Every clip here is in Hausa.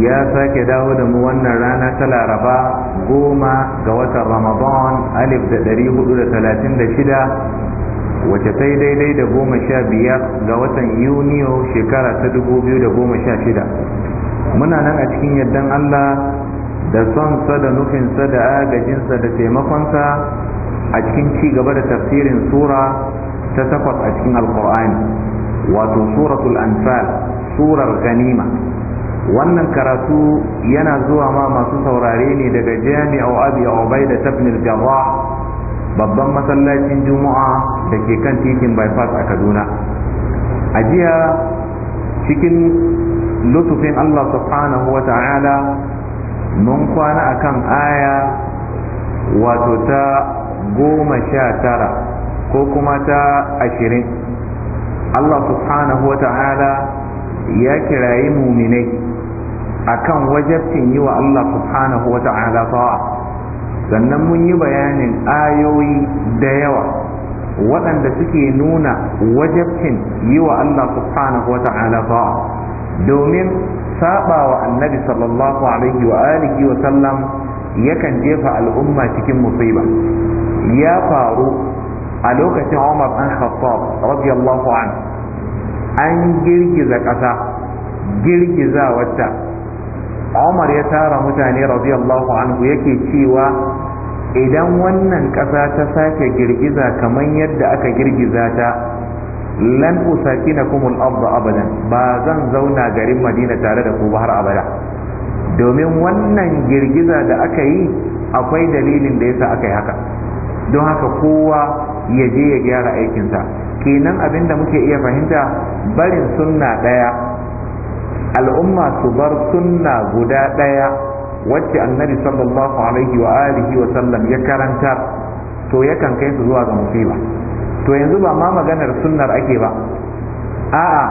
ya sake dawo da mu wannan rana ta laraba goma ga watan ramadan alif da dari hudu da talatin da shida wace ta yi daidai da goma sha biyar ga watan yuniyo shekara ta dubu biyu da goma sha shida muna nan a cikin yardan allah da sonsa da nufinsa da agajinsa da taimakonsa a cikin ci gaba da tafsirin sura ta takwas a cikin alkur'ani wato suratul anfal surar ganima wannan karatu yana zuwa ma masu saurare ne daga abu ya obai da tafnil jarrah babban masallacin juma'a da ke kan titin bypass a kaduna a jiya cikin lutufin allah subhanahu wa ta'ala mun kwana akan aya wato ta goma sha tara ko kuma ta ashirin allah subhanahu wa ta'ala ya kirayi muminai akan wajabcin yi wa Allah subhanahu wa ta'ala ta'a sannan mun yi bayanin ayoyi da yawa waɗanda suke nuna wajabcin yi wa Allah subhanahu wa ta'ala ta'a domin saba wa annabi sallallahu alaihi wa alihi wa sallam yakan jefa al'umma cikin musiba ya faru a lokacin Umar an Khattab radiyallahu an an girgiza ƙasa girgiza wata umar ya tara mutane radiyallahu anhu yake cewa idan wannan ƙasa ta sake girgiza kamar yadda aka girgiza ta lan usakina kumul arda abadan ba zan zauna garin madina tare da ku ba har abada domin wannan girgiza da aka yi akwai dalilin da yasa aka yi haka don haka kowa ya je ya gyara aikinsa kenan abinda muke iya fahimta barin sunna ɗaya al'umma su bar sunna guda ɗaya wacce annabi sallallahu alaihi wa alihi wa sallam ya karanta to yakan kai su zuwa ga musiba to yanzu ba ma maganar sunnar ake ba a'a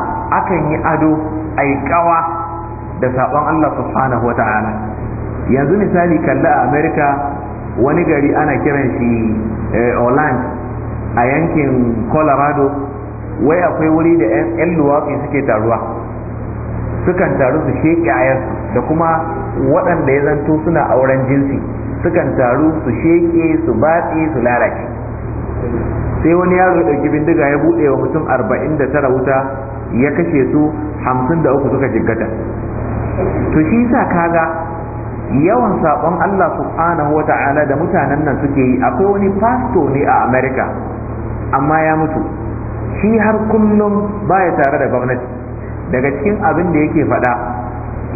akan yi ado ai kawa da sabon Allah subhanahu wa yanzu misali kalla a America wani gari ana kiran shi eh, oland a yankin Colorado wai akwai wuri da 'yan luwafi suke taruwa sukan taru su sheƙe ayansu da kuma waɗanda ya zanto suna auren jinsi sukan taru su sheƙe su batse su lalace sai wani yaro ya ɗauki bindiga ya buɗe wa mutum arba'in da tara wuta ya kashe su hamsin da uku suka jiggata to shi sa kaga yawan saɓon Allah subhanahu wata'ala da mutanen nan suke yi akwai wani fasto ne a Amerika amma ya mutu shi har kullum baya tare da gwamnati daga cikin abin da yake faɗa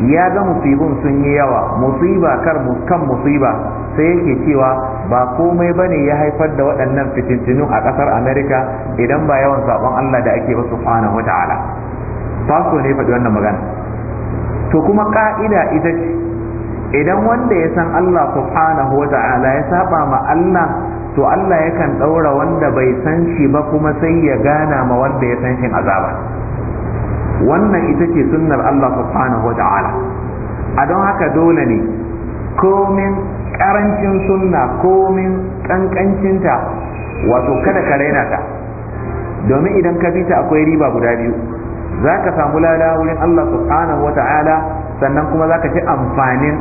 ya ga musibin sun yi yawa musiba kar kan musiba sai yake cewa ba komai ba ne ya haifar da waɗannan fitintinu a ƙasar amerika idan ba yawan sabon allah da ake ba subhanahu wata ala. faso ne faɗi wannan magana to kuma ƙa'ida ita ce idan wanda ya san allah subhanahu wata ala ya saba ma allah to allah yakan ɗaura wanda bai san shi ba kuma sai ya gana ma wanda ya san shin azaba wannan ita ce sunnar Allah subhanahu wa a don haka dole ne komin karancin sunna komin kankancinta wato kada ka raina ta domin idan ka bi ta akwai riba guda biyu za ka samu lada wurin Allah subhanahu wa sannan kuma za ka ci amfanin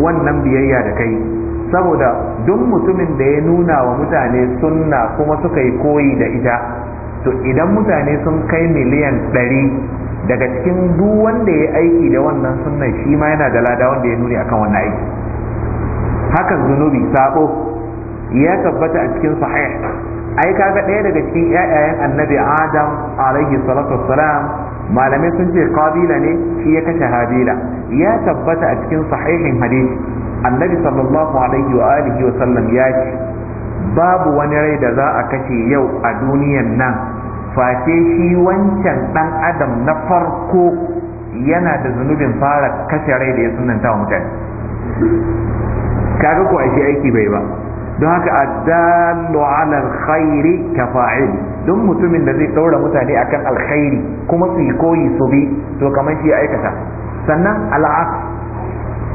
wannan biyayya da kai saboda duk mutumin da ya nuna wa mutane sunna kuma suka yi koyi da ita to idan mutane sun kai miliyan ɗari daga cikin duk wanda ya aiki da wannan sunnan shi ma yana da lada wanda ya nuni akan wannan aiki hakan zunubi sabo ya tabbata a cikin sahih ai kaga ɗaya daga cikin ƴaƴayen annabi adam alaihi salatu wassalam malamai sun ce qabila ne shi ya kashe habila ya tabbata a cikin sahihin hadisi annabi sallallahu alaihi wa alihi wa sallam ya ce babu wani rai da za a kashe yau a duniyan nan face shi wancan dan adam na farko yana da zunubin fara kashe rai da ya sunanta wa mutane kaga ko ashe aiki bai ba don haka addallu ala alkhairi ka fa'il don mutumin da zai ɗaura mutane akan alkhairi kuma su koyi su bi to kamar shi aikata sannan al'aqs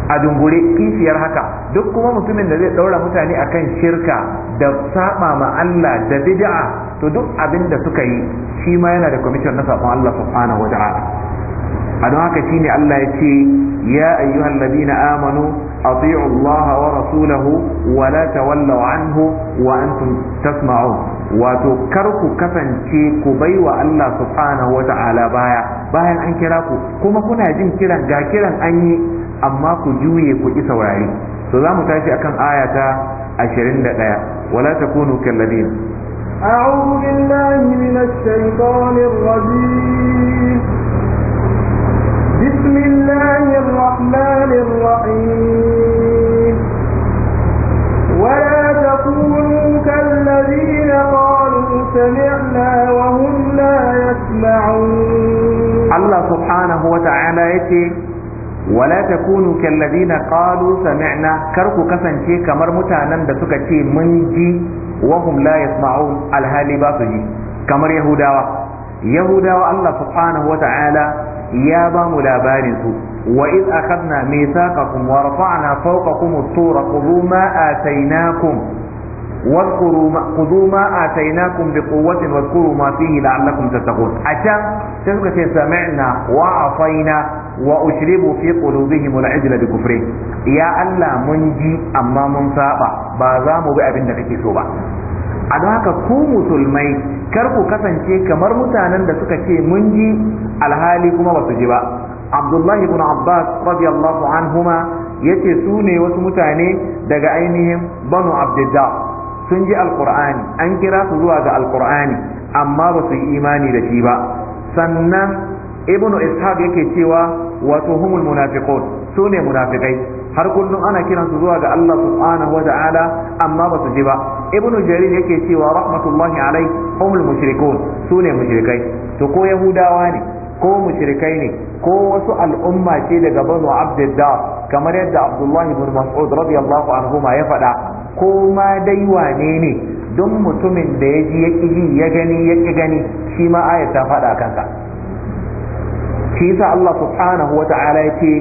a dungure kishiyar haka duk kuma mutumin da zai daura mutane akan shirka da saba ma Allah da bid'a to duk abin da suka yi shi ma yana da commission na sabon Allah subhanahu wata'ala a don haka shine Allah ya ce ya ayyuhal ladina amanu ati'u Allah wa rasulahu wa la anhu wa antum tasma'un wato kar ku kasance ku bai wa Allah subhanahu wa baya bayan an kira ku kuma kuna jin kiran ga kiran an yi amma ku juye ku ki saurare to za mu tashi akan aya ta 21 wala takunu kalladin أعوذ بالله من الشيطان الرجيم بسم الله الرحمن الرحيم ولا تكونوا كالذين قالوا سمعنا وهم لا يسمعون الله سبحانه وتعالى يتي wala takunu na qalu sami'na kar ku kasance kamar mutanen da suka ce mun ji wa hum la alhali ba su ji kamar yahudawa yahudawa Allah subhanahu ta'ala ya ba mu labarin su wa iz akhadna mithaqakum wa rafa'na fawqakum at-tura khudhu ma atainakum واذكروا ما خذوا ما آتيناكم بقوة واذكروا ما فيه لعلكم تتقون أتم تلك سمعنا وعصينا وأشربوا في قلوبهم العجل بكفرهم يا الله منجي أما من صابا بازاموا بأبن دقيقي سوبا a don haka ku musulmai kar ku kasance kamar mutanen da suka ce mun ji alhali kuma ba su ji ba abdullahi ibn abbas radiyallahu anhuma ya ce sune wasu mutane daga ainihin banu sun ji alkur'ani an kira su zuwa ga alkur'ani amma ba su yi imani da shi ba sannan ibnu ishaq yake cewa wato humul munafiqun su ne munafikai har kullum ana kiran su zuwa ga Allah subhanahu wa ta'ala amma ba su ji ba ibnu jarir yake cewa rahmatullahi alai humul mushrikun su ne mushrikai to ko yahudawa ne ko mushrikai ne ko wasu al'umma ce daga banu abdullah kamar yadda abdullahi ibn mas'ud radiyallahu anhu ma ya faɗa ko ma dai wane ne don mutumin da ya ji ya ji ya gani ya ƙi gani shi ma aya ta faɗa kansa shi yasa Allah subhanahu wa ta'ala ya ce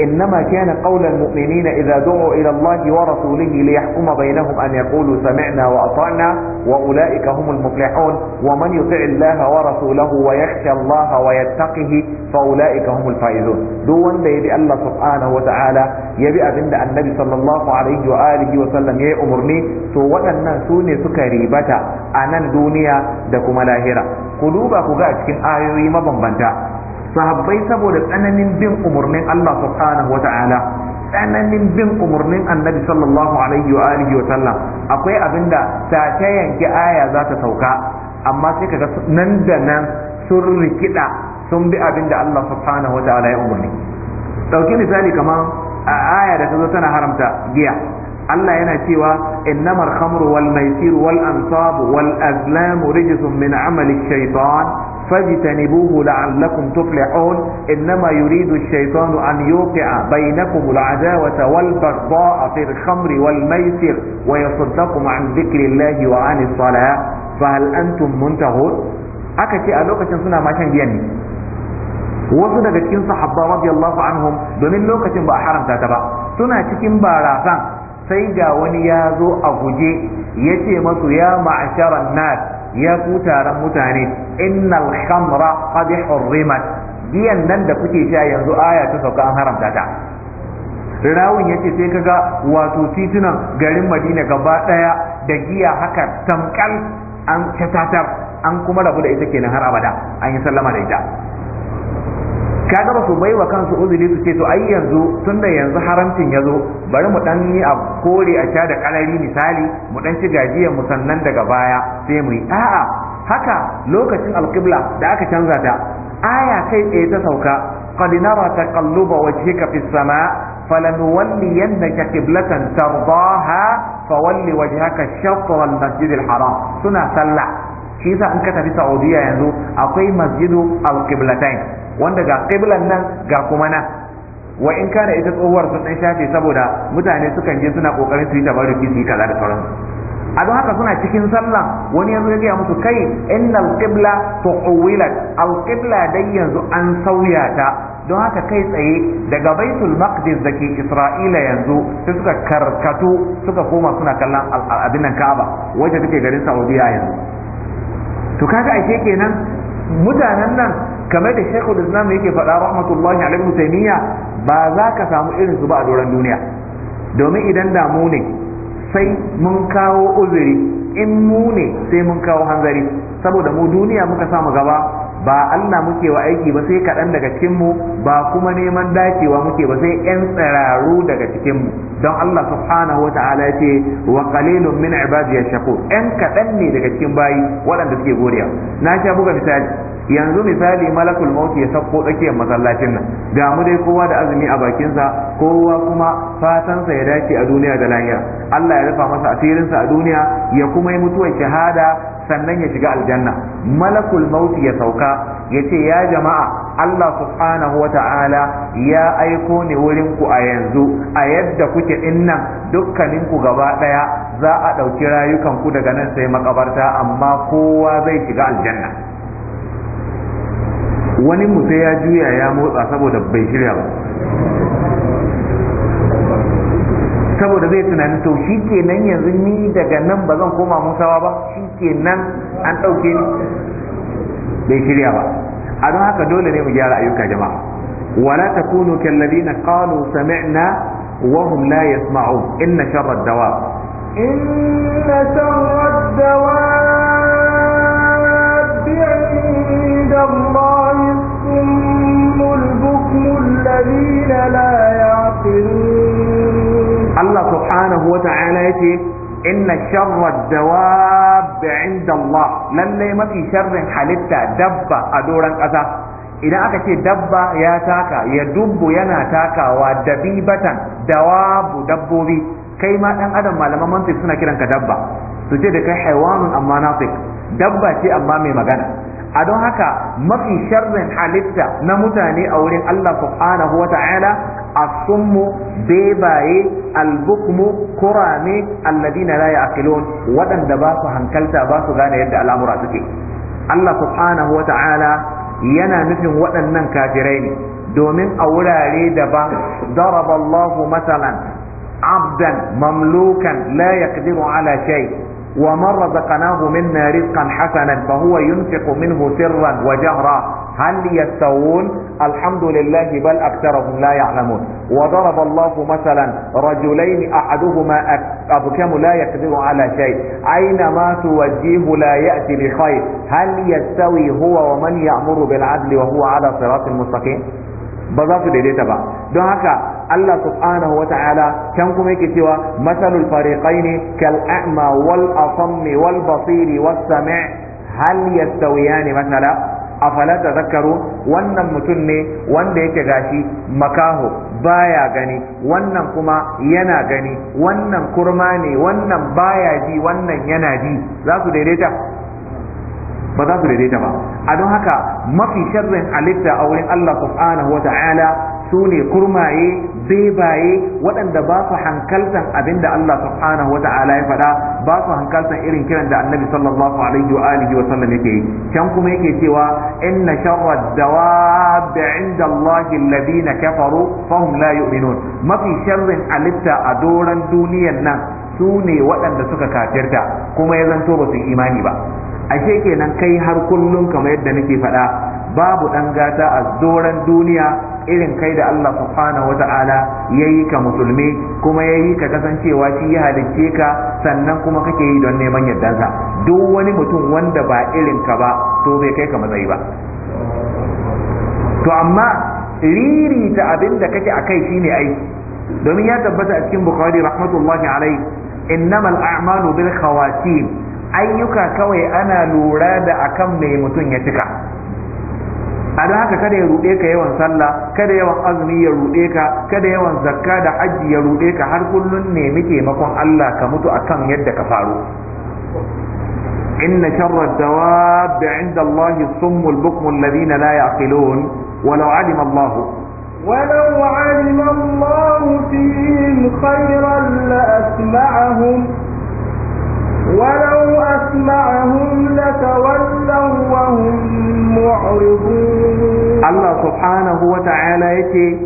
إنما كان قول المؤمنين إذا دعوا إلى الله ورسوله ليحكم بينهم أن يقولوا سمعنا وأطعنا وأولئك هم المفلحون ومن يطع الله ورسوله ويخشى الله ويتقه فأولئك هم الفائزون دون ده يبي الله سبحانه وتعالى يبي أبند النبي صلى الله عليه وآله وسلم يا أمرني تو ودنا سوني سكري بتا أنا الدنيا دكما لاهرة قلوبك وقعت كن آيوي مبنبنتا sahabbai saboda tsananin bin umarnin Allah subhanahu wata'ala tsananin bin umarnin annabi sallallahu alaihi wa alihi wa sallam akwai abinda ta ta yanki aya za ta sauka amma sai kaga nan da nan sun rikida sun bi abinda Allah subhanahu wata'ala ya umarni dauki misali kamar a aya da ta zo tana haramta giya Allah yana cewa innamal khamru wal maisir wal ansabu wal azlamu rijsun min amali shaytan فاجتنبوه لعلكم تفلحون إنما يريد الشيطان أن يوقع بينكم العداوة والبغضاء في الخمر والميسر ويصدكم عن ذكر الله وعن الصلاة فهل أنتم منتهون أكتي ألوكة سنة ما كان بيني wasu daga cikin sahabba radiyallahu anhum domin lokacin ba a haramta ta ba suna cikin barasan sai ga wani ya zo a guje ya ce masu ya ma'asharan nas ya ku taron mutane innal khamra qad hurrimat biyan nan da kuke sha yanzu aya ta sauka an haramta ta rawun yace sai kaga wato titunan garin Madina gaba daya da giya haka tamkal an catatar an kuma rabu da ita kenan har abada an yi sallama da ita kaga ba su baiwa kansu uzuri su ce to ai yanzu tunda yanzu haramcin ya zo bari mu dan yi a kore a sha da kalari misali mu dan ci gajiyar mu sannan daga baya sai muyi a'a haka lokacin alqibla da aka canza ta aya kai tsaye ta sauka qad nara taqalluba wajhika fis sama' فلنولينك قبلة ترضاها waje haka شطر المسجد haram suna sallah. shi yasa in ka tafi Saudiya yanzu akwai masjidu al wanda ga qiblan nan ga kuma nan wa in kana ita tsohuwar sun dan shafe saboda mutane sukan je suna kokarin su yi tabaruki su yi kaza da sauran a don haka suna cikin sallah wani yanzu ya musu kai innal qibla tu'wilat al qibla dai yanzu an sauya ta don haka kai tsaye daga baitul maqdis ke isra'ila yanzu sai suka karkato suka koma suna kallon abin nan ka'aba wacce take garin saudiya yanzu to kaga ashe kenan mutanen nan kamar da da islam yake faɗa rahmatullahi alaihi taymiya ba za ka samu irin su ba a doron duniya domin idan da mu ne sai mun kawo uzuri in mu ne sai mun kawo hanzari saboda mu duniya muka samu gaba ba Allah muke wa aiki ba sai kaɗan daga cikinmu ba kuma neman dacewa muke ba sai 'yan tsiraru daga cikinmu don Allah subhanahu wa ta'ala ya ce wa qalilun min ibadi yashqu 'yan kaɗan ne daga cikin bayi waɗanda suke godiya na sha buga misali yanzu misali malakul maut ya sauko tsakiyar masallacin nan ga mu dai kowa da azumi a bakinsa kowa kuma fatansa ya dace a duniya da lahira Allah ya rufa masa asirinsa a duniya ya kuma yi mutuwar shahada sannan ya shiga aljanna malakul maut ya sauka Ya yace ya jama'a Allah subhanahu wata'ala ya aiko ni wurin ku a yanzu a yadda kuke dinnan dukkanin ku gaba daya za a ɗauki rayukan ku daga nan sai makabarta amma kowa zai shiga aljanna wani musa ya juya ya motsa saboda bai shirya ba saboda zai tunani to shi kenan yanzu ni daga nan ba zan koma musawa ba shi kenan an ɗauke ni bai shirya ba a don haka dole ne mu gyara ayyuka jama'a wala takunu kalladina qalu sami'na wa hum la yasma'u inna sharra dawa inna sharra dawa dawab inda Allah as-summul bukmul ladina la ya'qilun Allah inna sharra dawab inda Allah lalle mafi sharrin halitta dabba a doran ƙasa idan aka ce dabba ya taka ya dubu yana takawa dabibatan dawabu dabbobi kai ma dan adam malaman mantiq suna kiranka dabba su ce da kai haiwanun amma nafiq dabba ce amma mai magana a don haka mafi sharrin halitta na mutane a wurin Allah subhanahu wa ta'ala asummu bebaye albukmu kurame layi a yaqilun waɗanda ba su hankalta ba su gane yadda al'amura suke Allah subhanahu wa ta'ala yana nufin waɗannan kafirai ne domin a wurare da daraba Allahu matalan abdan mamlukan la yaqdiru ala shay' ومن رزقناه منا رزقا حسنا فهو ينفق منه سرا وجهرا هل يستوون الحمد لله بل أكثرهم لا يعلمون وضرب الله مثلا رجلين أحدهما أبكم لا يقدر على شيء أينما توجيه لا يأتي بخير هل يستوي هو ومن يأمر بالعدل وهو على صراط مستقيم ba za su daidaita ba don haka Allah subhanahu wa ta'ala can kuma yake cewa masalul fariqaini kal a'ma wal asammi wal basiri was sami' hal yastawiyani masala afala tazakkaru wannan mutum ne wanda yake gashi makaho baya gani wannan kuma yana gani wannan kurma ne wannan baya ji wannan yana ji za su daidaita ba za su daidaita ba a don haka mafi sharrin halitta a wurin Allah subhanahu wa ta'ala su ne kurmaye bebaye waɗanda ba su hankaltan abin da Allah subhanahu wa ta'ala ya faɗa ba su hankaltan irin kiran da annabi sallallahu alaihi wa alihi wa sallam yake can kuma yake cewa inna sharra dawab inda Allah alladhina kafaru fahum la yu'minun mafi sharrin halitta a doran duniyar nan su ne waɗanda suka kafirta kuma ya zanto ba su imani ba ashe kenan kai har kullum kamar yadda nake faɗa babu ɗan gata a doran duniya irin kai da Allah subhanahu wata'ala ya yi ka musulmi kuma yayi ka kasancewa shi ya halicce ka sannan kuma kake yi don neman yardansa duk wani mutum wanda ba irin ka ba to bai kai ka matsayi ba to amma ririta abin da kake a kai shine aiki domin ya tabbata a cikin bukhari rahmatullahi alaihi innamal a'malu bil khawatim ayyuka kawai ana lura da akan mai mutum ya cika a haka kada ya ruɗe ka yawan sallah kada yawan azumi ya ruɗe ka kada yawan zakka da hajji ya ruɗe ka har kullun nemi taimakon Allah ka mutu akan yadda ka faru inna sharra dawab inda Allah summul bukmul ladina la yaqilun walau alima Allah ولو علم الله فيهم ولو أسمعهم لتولوا وهم معرضون الله سبحانه وتعالى يتي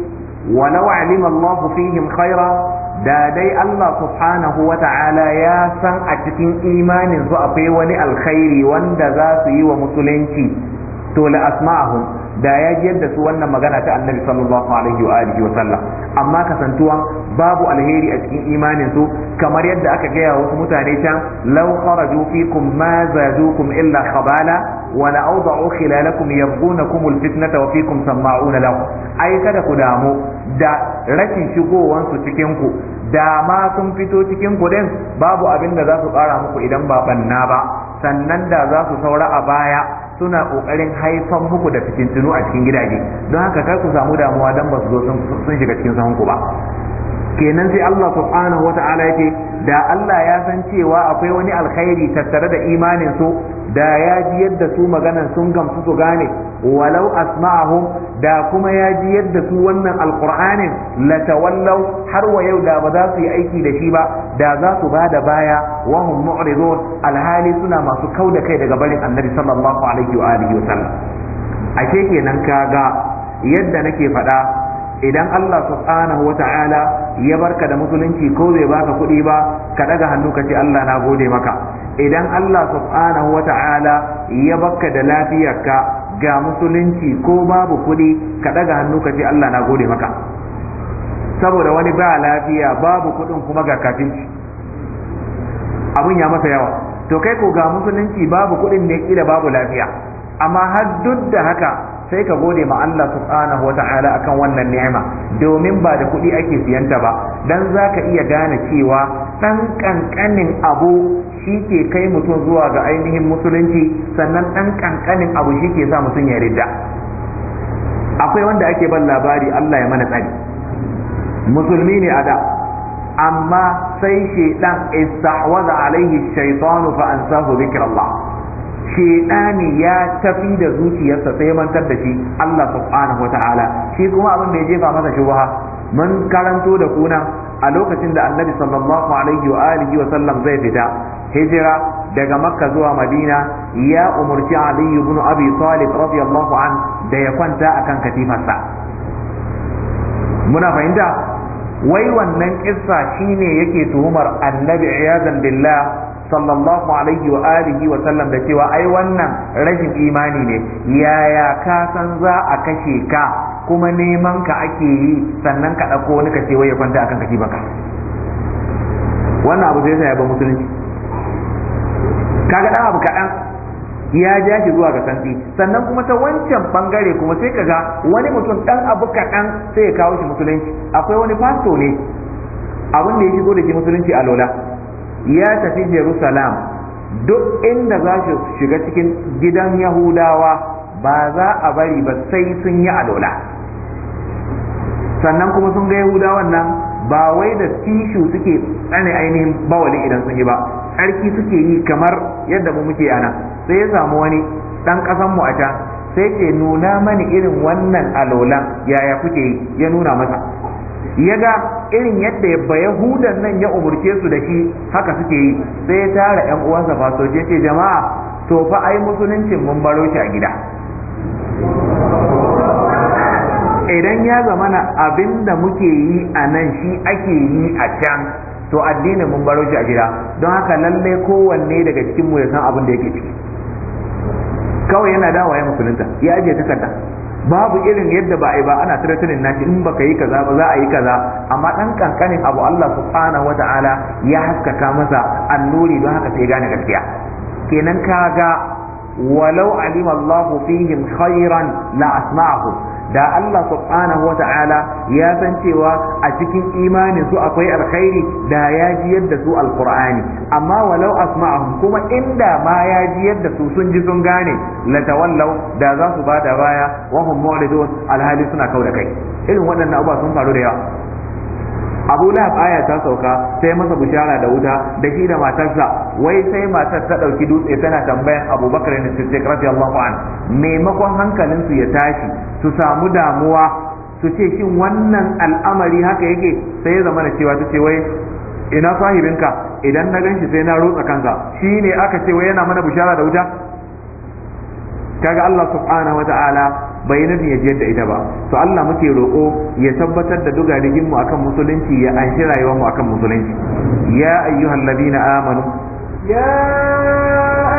ولو علم الله فيهم خيرا da dai Allah subhanahu wa ta'ala ya san a cikin imanin su akwai wani alkhairi wanda za su yi wa musulunci to la da ya ji da su wannan magana ta annabi sallallahu alaihi wa alihi wa sallam amma kasantuwa babu alheri a cikin imanin su kamar yadda aka gaya wasu mutane can law kharaju fikum ma zadukum illa khabala wa la awda'u khilalakum yabghunakum alfitnata wa fikum sama'una lahum ai kada ku damu da rashin shigowan su cikin ku da ma sun fito cikin ku din babu abin da za su kara muku idan ba banna ba sannan da za su saura a baya suna ƙoƙarin haifan muku da fitintunu a cikin gidaje don haka kar ku samu damuwa dan ba su zo sun shiga cikin sahunku ba kenan sai Allah subhanahu wata'ala yake da Allah ya san cewa akwai wani alkhairi tattare da imanin su da ya ji yadda su maganan sun gamsu su gane walau asma'ahum da kuma ya ji yadda su wannan alqur'anin la tawallau har wa yau da ba za su yi aiki da shi ba da za su ba da baya wa hum mu'ridun alhali suna masu kau da kai daga barin annabi sallallahu alaihi wa alihi wa sallam ake kenan kaga yadda nake faɗa idan Allah subhanahu wa ta'ala ya barka da musulunci ko bai baka kuɗi ba ka daga hannu ka ce Allah na gode maka idan Allah subhanahu wa ta'ala ya barka da lafiyarka ga musulunci ko babu kuɗi ka daga hannu ka ce Allah na gode maka saboda wani ba lafiya babu kuɗin kuma ga kafinci abun ya masa yawa to kai ko ga musulunci babu kuɗin ne kila babu lafiya amma har duk da haka sai ka gode ma Allah subhanahu wata'ala akan wannan ni'ima domin ba da kuɗi ake siyanta ba dan zaka iya gane cewa ɗan ƙanƙanin abu shi ke kai mutum zuwa ga ainihin musulunci sannan ɗan ƙanƙanin abu shi ke sa mutum ya ridda akwai wanda ake ban labari Allah ya mana tsari musulmi ne a da amma sai shaitan istahwaza alaihi shaitanu fa ansahu Allah. shedani ya tafi da zuciyarsa sai ya mantar da shi Allah subhanahu wataala shi kuma abin da ya jefa masa shubha mun karanto da kuna a lokacin da annabi sallallahu alaihi wa alihi wa sallam zai fita hijira daga makka zuwa madina ya umarci ali ibn abi talib radiyallahu an da ya kwanta akan katifarsa muna fahimta wai wannan kissa shine yake tuhumar annabi iyazan billah sallallahu alaihi wa alihi wa sallam da cewa ai wannan rashin imani ne yaya ka san za a kashe ka kuma neman ka ake yi sannan ka ɗauko wani kace wai ya kwanta akan kashi baka wannan abu zai sa ya ba musulunci kaga dan abu kaɗan ya ja shi zuwa ga santi sannan kuma ta wancan bangare kuma sai kaga wani mutum dan abu kaɗan sai ya kawo shi musulunci akwai wani pastor ne abin da ya shigo da shi musulunci a lola ya tafi jerusalem duk inda za su shiga cikin gidan yahudawa ba za a bari ba sai sun yi alola sannan kuma sun ga yahudawan nan ba wai da tishu suke tsane ainihin bawali idan sun yi ba tsarki suke yi kamar yadda mu muke yana sai ya samu wani dan kasanmu a can sai ce nuna mani irin wannan alolan yaya kuke yi ya nuna masa ya ga irin yadda yabba yahudan nan ya umurce su da shi haka suke yi sai ya tara yan uwansa fasoje ce jama'a to fa ai musuluncin mun baro shi a gida idan ya zama na abin da muke yi a nan shi ake yi a can to addinin mun baro shi a gida don haka lallai kowanne daga cikin mu ya san abin da yake ciki kawai yana dawa ya musulunta ya ajiye takarda babu irin yadda ba ba ana tattalin nashi in baka yi kaza ba za a yi kaza amma dan kankanin abu Allah subhanahu wata'ala ya haskaka masa annuri don haka sai gane gaskiya kenan kaga walau alima Allah fihim khairan la asma'ahum da Allah subhanahu wa ta'ala ya san cewa a cikin imanin su akwai alkhairi da ya jiyar da su alqur'ani amma walau asma'ahum kuma inda ma ya jiyar da su sun ji sun gane la tawallau da za su bada baya wa hum mu'ridun alhali suna kauda kai irin waɗannan abubuwa sun faru da yawa abu lahab aya ta sauka sai masa bishara da wuta da shi da matarsa wai sai matar ta dauki dutse tana tambayan abubakar ne rafi allahu an maimakon hankalinsu ya tashi su samu damuwa su ce shin wannan al'amari haka yake sai ya zama da cewa ta ce wai ina sahibinka idan na ganshi sai na rotsa kansa shi ne aka ce wai yana mana bishara da wuta kaga Allah subhanahu wa ta'ala bai nufin ya jiyar da ita ba to Allah muke roƙo ya tabbatar da dugarigin mu akan musulunci ya anshi rayuwar mu akan musulunci ya ayyuhal ladina amanu ya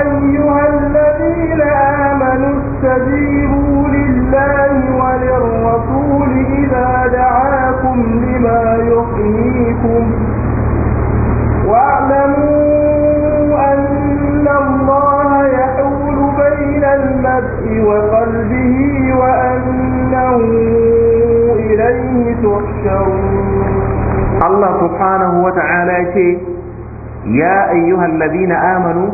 ayyuhal ladina amanu istajibu lillahi wa lirrasul idza da'akum lima yuhyikum واعلموا أن الله يحول بين المرء وقلبه ilaihi tuhsharun Allah subhanahu wa ta'ala yace ya ayyuhal ladina amanu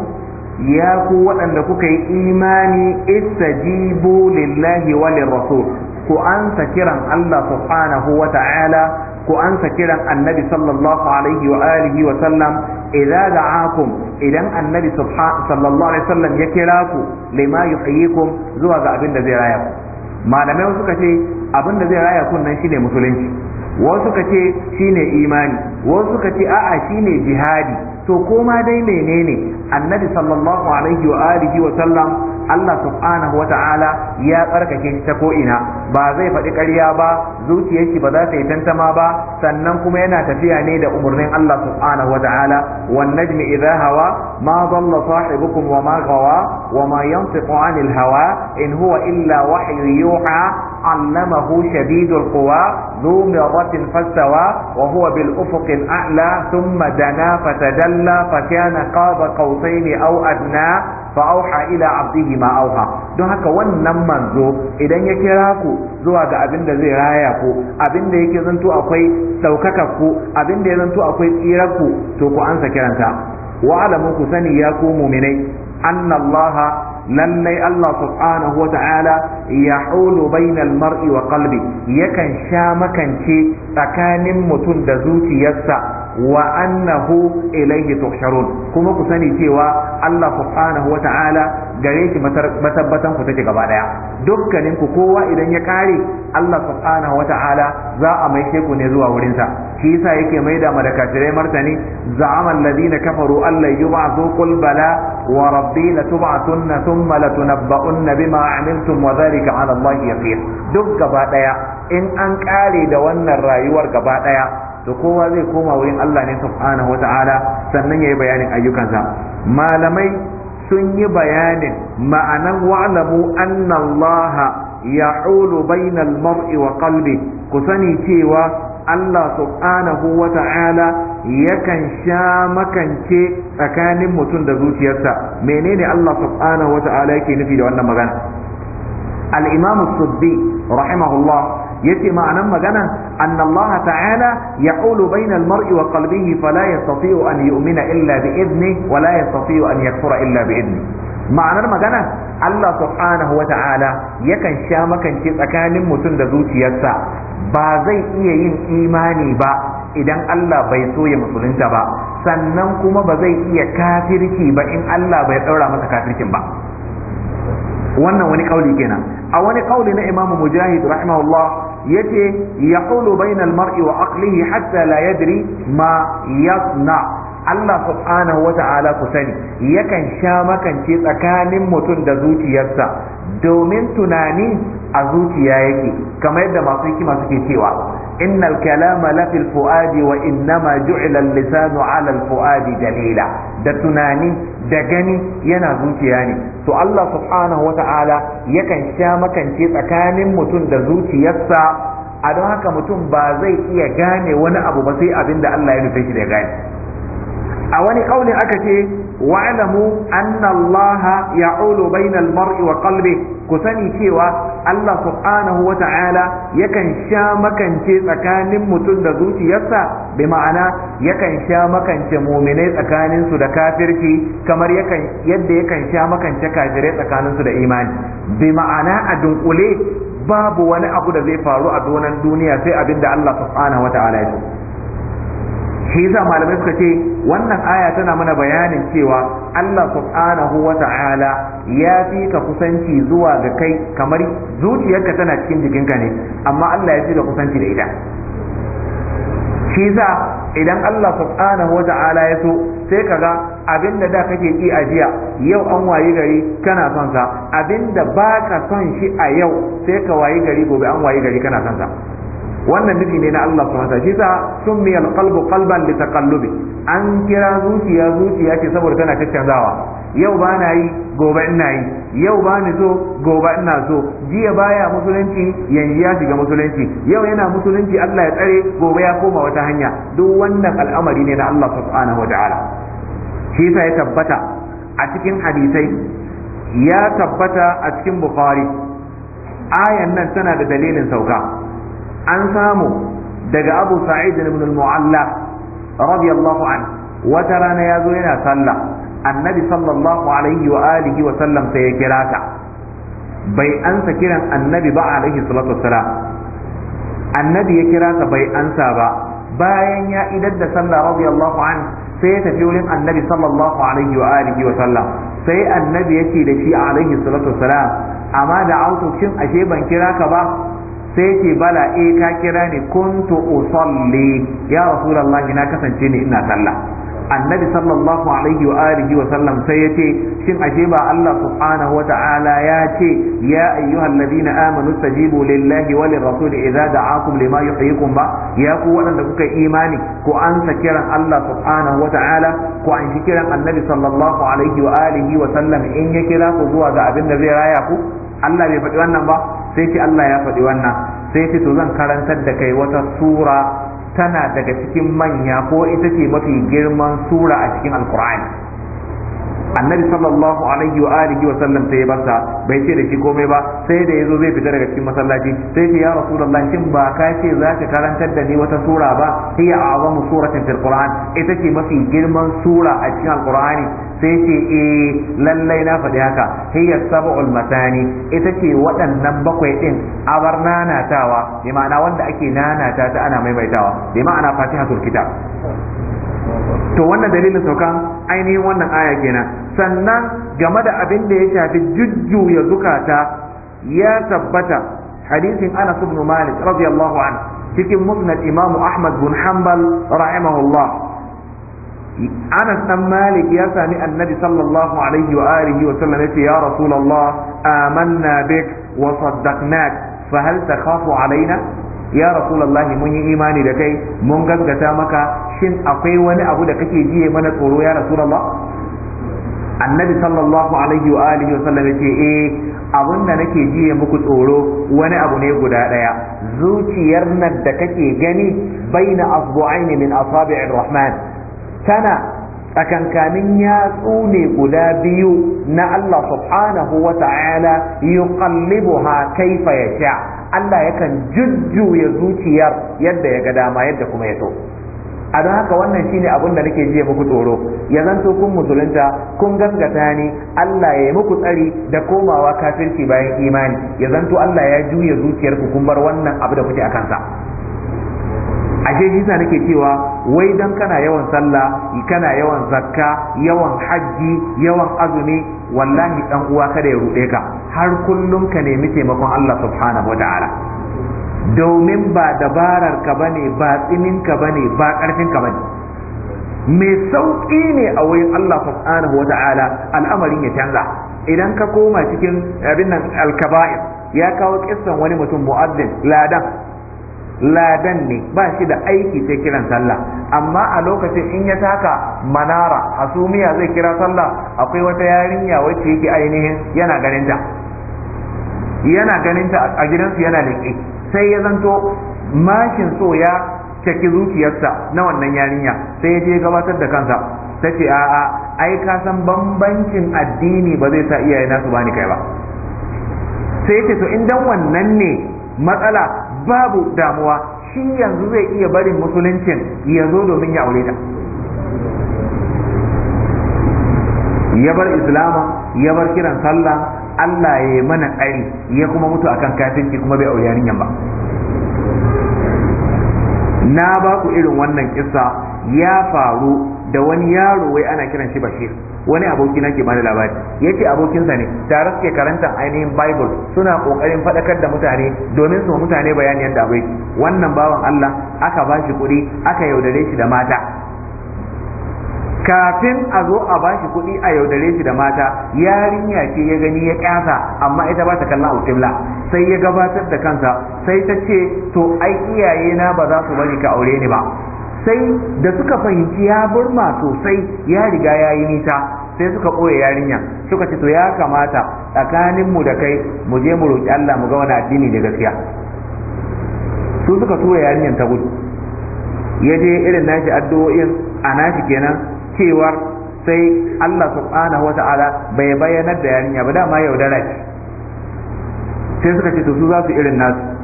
ya ku waɗanda kuka yi imani istajibu lillahi wa lirrasul ku ansa kiran Allah subhanahu wa ta'ala ku ansa kiran annabi sallallahu alaihi wa alihi wa sallam idan annabi sallallahu alaihi wa sallam ya kira ku lima yuhyikum zuwa ga abin zai raya malamai wasu suka ce abin da zai raya kunnan shine musulunci wasu kace ce shine imani wasu kace ce a'a shine jihadi to koma dai menene annabi sallallahu alaihi wa alihi wa sallam Allah subhanahu wa ta'ala ya tsarkake shi ta ko'ina ba zai faɗi ƙarya ba zuciyar ba za ta yi tantama ba sannan kuma yana tafiya ne da umarnin Allah subhanahu wa ta'ala wan najmi idha hawa ma dhalla sahibukum wa ma gawa wa ma yantiqu anil hawa in huwa illa wahyu yuha علمه شديد القوى ذو مرة فاستوى وهو بالأفق الأعلى ثم دنا فتدلى فكان قاب قوسين أو أدنى فأوحى إلى عبده ما أوحى don haka wannan manzo idan ya kira ku zuwa ga abin da zai raya ku abin da yake zanto akwai ɗaukaka abin da ya zanto akwai tsirar ku to ku ansa kiranta wa sani ya ku muminai annallaha lallai Allah subhanahu wata'ala ya hulu bainal mar'i wa kalbi yakan sha makance tsakanin mutum da zuciyarsa wa annahu ilayhi tuhsharun kuma ku sani cewa Allah subhanahu wata'ala gare shi matabbatan ku take gaba daya dukkanin ku kowa idan ya kare Allah subhanahu wata'ala za a mai ku ne zuwa wurin sa shi yasa yake mai da madakacirai martani za'ama alladhina kafaru allah yub'athu qul bala wa rabbi na thumma latunabba'unna bima amiltum wa dhalika 'ala Allah yaqin duk gaba daya in an kare da wannan rayuwar gaba daya da kowa zai koma wurin Allah ne subhanahu wata'ala sannan yayi bayanin ayyukansa malamai sun yi bayanin ma'anan wa'lamu anna Allah ya'ulu bainal mar'i wa qalbi ku sani cewa Allah subhanahu wata'ala yakan sha makance tsakanin mutum da zuciyarsa menene Allah subhanahu wata'ala yake nufi da wannan magana al-imam as-suddi rahimahullah yace ma'anan magana anna Allah ta'ala yaqulu bayna al-mar'i wa qalbihi fala yastati'u an umina illa bi idni wa la yastati'u an yakfura illa bi idni ma'anar magana Allah subhanahu wa ta'ala yakan sha makance tsakanin mutum da zuciyarsa ba zai iya yin imani ba idan Allah bai so ya musulunta ba sannan kuma bazai iya kafirki ba in Allah bai daura masa kafircin ba wannan wani kauli kenan a wani kauli na imamu mujahid rahimahullah yace yaqulu bainal mar'i wa aqlihi hatta la yadri ma yasna Allah subhanahu wa ta'ala ku sani yakan sha makance tsakanin mutum da zuciyarsa domin tunani a zuciya yake kamar yadda masu hikima suke cewa إن الكلام لفي الفؤاد وإنما جعل اللسان على الفؤاد دليلا da tunani da gani yana zuciya ne to Allah subhanahu wa ta'ala yakan sha makance tsakanin mutum da zuciyarsa a don haka mutum ba zai iya gane wani abu ba sai abin da Allah ya nufe shi da gane a wani kaulin aka ce wa'lamu annallaha Allah ya'ulu bainal mar'i wa qalbi ku sani cewa Allah subhanahu wa ta'ala yakan sha makance tsakanin mutum da zuciyarsa bi ma'ana yakan sha makance muminai tsakanin su da kafirci kamar yakan yadda yakan sha makance kafirai tsakanin su da imani bi ma'ana a dunkule babu wani abu da zai faru a donan duniya sai abinda Allah subhanahu wa ta'ala ya shi yasa malamai suka ce wannan aya tana mana bayanin cewa Allah subhanahu wa ta'ala ya fi ka kusanci zuwa ga kai kamar zuciyarka tana cikin jikinka ne amma Allah ya fi ka kusanci da ita shi yasa idan Allah subhanahu wa ya so sai kaga abin da da kake ki a jiya yau an wayi gari kana son sa abin baka son shi a yau sai ka wayi gari gobe an wayi gari kana son sa wannan nufi ne na Allah subhanahu wa ta'ala shi sa summi al-qalbu qalban li taqallubi an kira zuciya zuciya ce saboda tana caccanzawa yau ba na yi gobe ina yi yau ba ni so gobe ina so jiya baya musulunci yanzu ya shiga musulunci yau yana musulunci Allah ya tsare gobe ya koma wata hanya duk wannan al'amari ne na Allah subhanahu wataala shi sa ya tabbata a cikin hadisai ya tabbata a cikin bukhari ayan nan tana da dalilin sauka an samu daga abu sa'id ibn al-mu'alla radiyallahu anhu wata rana ya zo yana sallah annabi sallallahu alaihi wa alihi wa sallam sai ya kira ka bai ansa kiran annabi ba alaihi salatu wassalam annabi ya kira ka bai ansa ba bayan ya idar da sallah radiyallahu anhu sai ya tafi wurin annabi sallallahu alaihi wa alihi wa sallam sai annabi yake da shi alaihi salatu wassalam amma da auto shin ashe ban kira ka ba sai ce bala e ka kira ni kuntu usalli ya rasulullah na kasance ne ina sallah annabi sallallahu alaihi wa alihi wa sallam sai yace shin ashe ba Allah subhanahu wa ta'ala ya ce ya ayyuhalladhina amanu stajibu lillahi wa lirrasuli idza da'akum lima yuhyikum ba ya ku waɗanda kuka imani ku ansa kiran Allah subhanahu wa ta'ala ku an kiran annabi sallallahu alaihi wa alihi wa sallam in ya kira ku zuwa ga abin da zai raya ku Allah bai faɗi wannan ba sai ce Allah ya faɗi wannan sai ce to zan karantar da kai wata sura tana daga cikin manya ko ita ce mafi girman sura a cikin alkur'ani annabi sallallahu alaihi wa alihi wa sallam sai ya sa bai ce da shi komai ba sai da yazo zai fita daga cikin masallaci sai ce ya rasulullahi shin ba ka ce za ka karantar da ni wata sura ba hiya azamu suratin fil qur'an ita ce mafi girman sura a cikin alkur'ani sai ce e lallai na faɗi haka hiya sab'ul matani ita ce waɗannan bakwai din abar nanatawa bi ma'ana wanda ake nanata ta ana maimaitawa bi ma'ana fatihatul kitab to wannan dalilin saukan ainihin wannan aya kenan sannan game da abin da ya shafi jujjuya zukata ya tabbata hadisin Anas ibn Malik radiyallahu anhu cikin musnad Imam Ahmad bin Hanbal rahimahullah Anas dan Malik ya sami Annabi sallallahu alaihi wa alihi wa sallam yace ya Rasulullah amanna wa saddaqnak fa hal takhafu alaina ya Rasulullah mun yi imani da kai mun gaskata maka shin akwai wani abu da kake jiye mana tsoro ya Rasulullah Annabi alaihi wa eh, abun da nake jiye muku tsoro wani abu ne guda daya zuciyar nan da kake gani baina asbu'aini min asabi'ir rahman tana tsakankanin yatsu ne guda biyu na Allah subhanahu wa ta'ala ha kaifa yasha Allah yakan jujjuya zuciyar yadda ya ga dama yadda kuma ya so a don haka wannan shine abin da nake jiya muku tsoro ya zanto kun musulunta kun gaskata ni Allah ya yi muku tsari da komawa kafirci bayan imani ya zanto Allah ya juya zuciyarku kun bar wannan abu da kuke a kansa ashe shi sa nake cewa wai dan kana yawan sallah kana yawan zakka yawan hajji yawan azumi wallahi dan uwa kada ya rude ka har kullum ka nemi taimakon Allah subhanahu wataala domin ba dabarar ka bane ba tsinin ka bane ba karfin ka bane mai sauki ne a wayin Allah subhanahu wataala al'amarin ya canza idan ka koma cikin abin nan alkaba'ir ya kawo kissan wani mutum mu'azzin ladan ladan ne ba shi da aiki sai kiran sallah amma a lokacin in ya taka manara hasumiya zai kira sallah akwai wata yarinya wacce yake ainihin yana ganinta yana ganinta a gidansu yana leƙe sai ya zanto mashin so ya caki zuciyarsa na wannan yarinya sai ya je gabatar da kansa ta ce a'a ai ka san bambancin addini ba zai sa iyaye nasu bani kai ba sai ya ce to in dan wannan ne matsala babu damuwa shi yanzu zai iya barin musuluncin ya zo domin ya aure ta ya bar islama ya bar kiran sallah Allah ya yi mana ƙari ya kuma mutu akan kafinci kuma bai aure yanin ba na ba ku irin wannan kisa ya faru da wani yaro wai ana kiran shi bashir wani aboki na ke bani labari ce abokinsa ne tare suke karanta ainihin bible suna kokarin faɗakar da mutane domin su mutane bayani yadda abai wannan bawan Allah aka ba shi kuɗi aka yaudare shi da mata kafin a zo a ba shi kuɗi a yaudare shi da mata yarinya ce ya gani ya ƙyasa amma ita ba ta kalla alƙibla sai ya gabatar da kansa sai ta ce to ai iyaye na ba za su bari ka aure ni ba sai da suka fahimci ya burma sosai ya riga ya yi nisa sai suka ɓoye yarinya suka ce to ya kamata tsakaninmu da kai mu je mu roƙi Allah mu ga wani addini da gaskiya su suka tura yarinyar ta gudu ya je irin nashi addu'o'in a nashi kenan cewar sai Allah subhanahu wa ta'ala bai bayyanar da yarinya ba dama yaudara ce sai suka ce to su za su irin nasu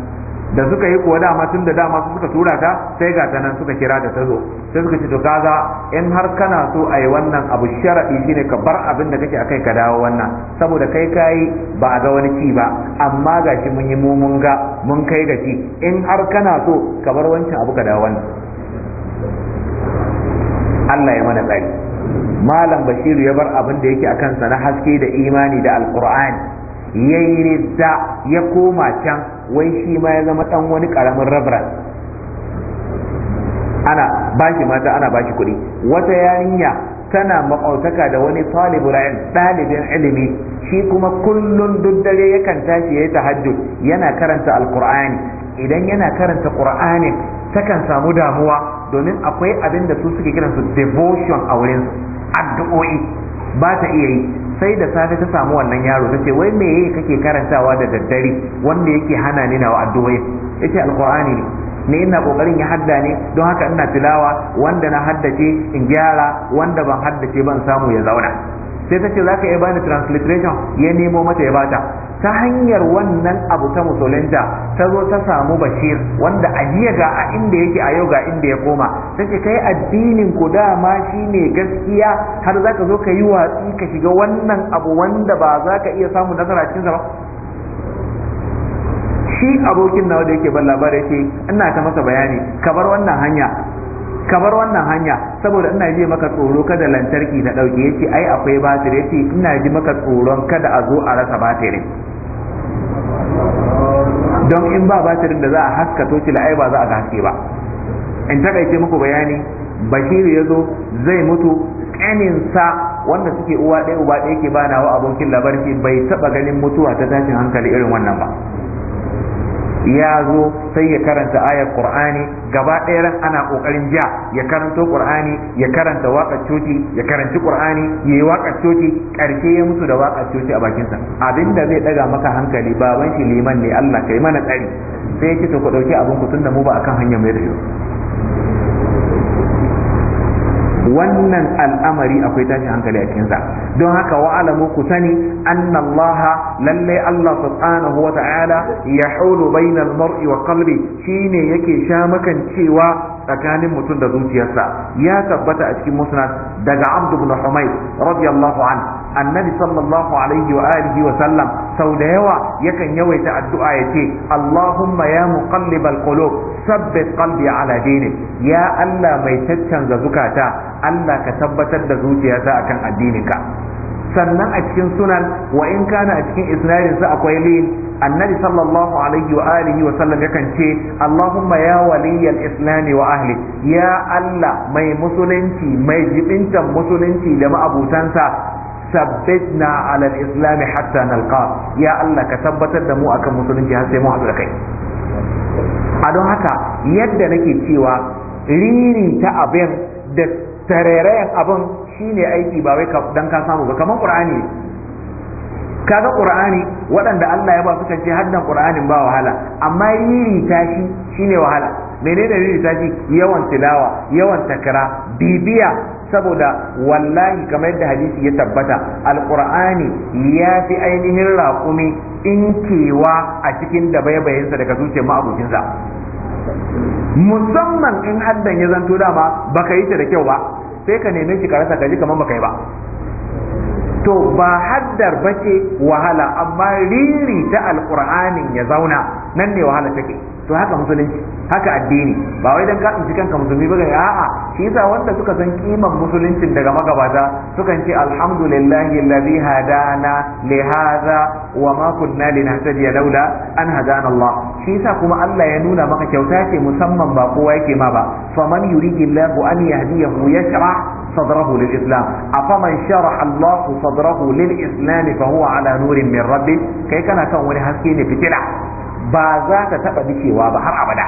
da suka yi kuwa dama tun da dama su suka tura ta sai ga ta nan suka kira da ta zo sai suka ce to kaza in har kana so a yi wannan abu sharaɗi shine ka bar abin da kake akai ka dawo wannan saboda kai kayi ba a ga wani ci ba amma ga shi mun yi mun ga mun kai ga ci in har kana so ka bar wancan abu ka dawo wannan Allah ya mana tsari malam bashiru ya bar abin da yake akan sa na haske da imani da alqur'ani yayi da ya koma can wai shi ma ya zama dan wani karamin rabra ana bashi mata ana bashi kuɗi wata yarinya tana makautaka da wani talibul ɗalibin ilimi shi kuma kullun duk dare yakan tashi yayi tahajjud yana karanta alqur'ani idan yana karanta ƙur'ani, takan samu damuwa domin akwai abin da su suke kiransu devotion a wurin addu'o'i ba ta iya yi sai da safe ta samu wannan yaro ta ce wai me kake karantawa da daddare wanda yake hana ni na addu'o'i yace alqur'ani ne ne ina kokarin ya hadda ne don haka ina tilawa wanda na haddace in gyara wanda ban haddace ban samu ya zauna sai ta ce za ka iya bani transliteration ya nemo mata ya bata ta hanyar wannan abu ta musulunta ta zo ta samu bashir wanda a jiya ga a inda yake a yau ga inda ya koma ta ce kai addinin ku dama shi ne gaskiya har za ka zo ka yi watsi ka shiga wannan abu wanda ba za ka iya samun nasara cikinsa ba shi abokin nawa da yake ban labarai ce ina ta masa bayani ka bar wannan hanya ka bar wannan hanya saboda ina ji maka tsoro kada lantarki ta dauke yace ai akwai batiri yace ina ji maka tsoron kada a zo a rasa batiri don in ba batirin da za a haska toci la ai ba za a ga haske ba in takaice muku bayani bashiru ya zo zai mutu sa wanda suke uwa ɗaya uba ɗaya ke ba wa abokin labarki bai taɓa ganin mutuwa ta tashin hankali irin wannan ba ya zo sai ya karanta ayar qur'ani gaba ɗaya ran ana kokarin ja ya karanto qur'ani ya karanta waƙar coci ya karanci qur'ani ya yi waƙar coci ƙarshe ya mutu da waƙar coci a bakinsa abinda zai ɗaga maka hankali baban shi liman ne Allah kai mana tsari sai ya ce to ku ɗauki abin ku tunda mu ba akan hanyar mai da wannan al'amari akwai tashin hankali a cikinsa don haka wa'alamu alamu ku sani Allah lalle Allah subhanahu wa ta'ala yahulu bainal mar'i wa qalbi shine yake sha makan cewa tsakanin mutum da zuciyarsa ya tabbata a cikin musnad daga Abd ibn Humayr radiyallahu an annabi sallallahu alaihi wa alihi wa sallam sau da yawa yakan yawaita addu'a ya ce Allahumma ya muqallibal qulub sabbit qalbi ala dinik ya Allah mai caccanza zukata Allah ka tabbatar da zuciyata akan addininka sannan a cikin sunan wa in kana a cikin isnadin akwai li annabi sallallahu alaihi wa alihi wa sallam yakan ce allahumma ya waliyal islami wa ahli ya allah mai musulunci mai jibintan musulunci da ma'abutansa sabbitna na alal islami hatta nalqa ya Allah ka tabbatar da mu akan musulunci har sai mu haɗu da kai a don haka yadda nake cewa riri ta abin da tarerayen abin shine aiki ba wai ka samu ba kamar qur'ani kaga qur'ani waɗanda Allah ya ba su kan ce haddan ba wahala amma riri ta shine wahala menene riri ta yawan tilawa yawan takara bibiya saboda wallahi kamar yadda hadisi ya tabbata alqur'ani ya fi ainihin raƙumi inkewa a cikin bayansa daga zuciyar ma'abocinsa musamman in haddan ya zanto dama baka yi ta da kyau ba sai ka neme shi ka rasa ka ji kamar baka yi ba to ba haddar bace wahala amma riri ta alqur'anin ya zauna nan ne wahala take to haka musulunci haka addini ba wai dan ka tsinci kanka musulmi ba a'a shi yasa wanda suka san kiman musuluncin daga magabata sukan ce alhamdulillahi alladhi hadana li hadha wa ma kunna linahtadiya laula an hadana Allah shi yasa kuma Allah ya nuna maka kyauta ce musamman ba kowa yake ma ba faman yuridillahu an yahdiyahu yashrah صدره للإسلام أفمن شرح الله صدره للإسلام فهو على نور من ربه كي كان كون هسكين فتلع ba za ta taɓa bikewa ba har abada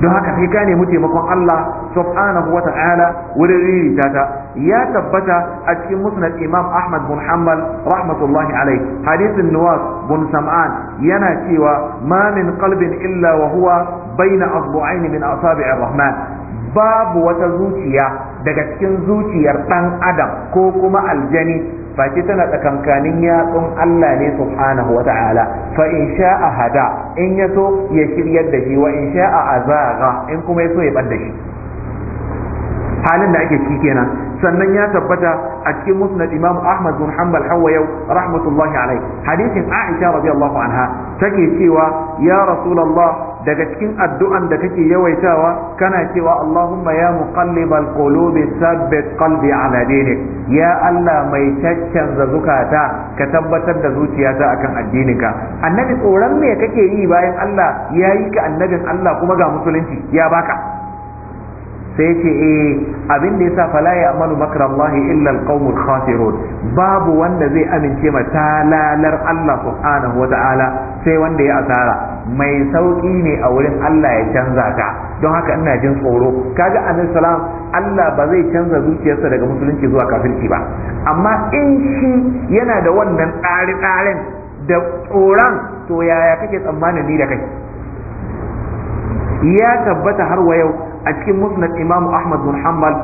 don haka sai ka nemi taimakon Allah subhanahu wa ta'ala wurin ririta ta ya tabbata a cikin musnad Imam Ahmad bin Hanbal rahmatullahi alaihi hadisin Nuwas bin Sam'an yana cewa ma min qalbin illa wa huwa baina asbu'ain min asabi'ir rahman babu wata zuciya daga cikin zuciyar dan adam ko kuma aljani baki tana tsakankanin yatsun Allah ne subhanahu wa ta'ala fa in sha'a hada in yaso ya shiryar da shi wa in sha'a azaga in kuma yaso ya bar da shi halin da ake ciki kenan sannan ya tabbata a cikin musnad imam ahmad bin hanbal hawa yau rahmatullahi alai hadisin aisha radiyallahu anha take cewa ya rasulullah daga cikin addu'an da kake yawaitawa kana cewa allahumma ya muqallibal qulubi thabbit qalbi ala dinik ya allah mai caccanza zukata ka tabbatar da zuciyata akan addininka annabi tsoron me kake yi bayan allah yayi ka annabin allah kuma ga musulunci ya baka sai ce e abin da yasa fala ya amalu makrallahi illa alqawmul khasirun babu wanda zai amince ma talalar Allah subhanahu wata'ala sai wanda ya asara mai sauki ne a wurin Allah ya canza ta don haka ina jin tsoro kaga annabi salam Allah ba zai canza zuciyarsa daga musulunci zuwa kafirci ba amma in shi yana da wannan tsari tsarin da tsoron to yaya kake tsammanin ni da kai ya tabbata har wa yau a cikin musnad imam ahmad bin hanbal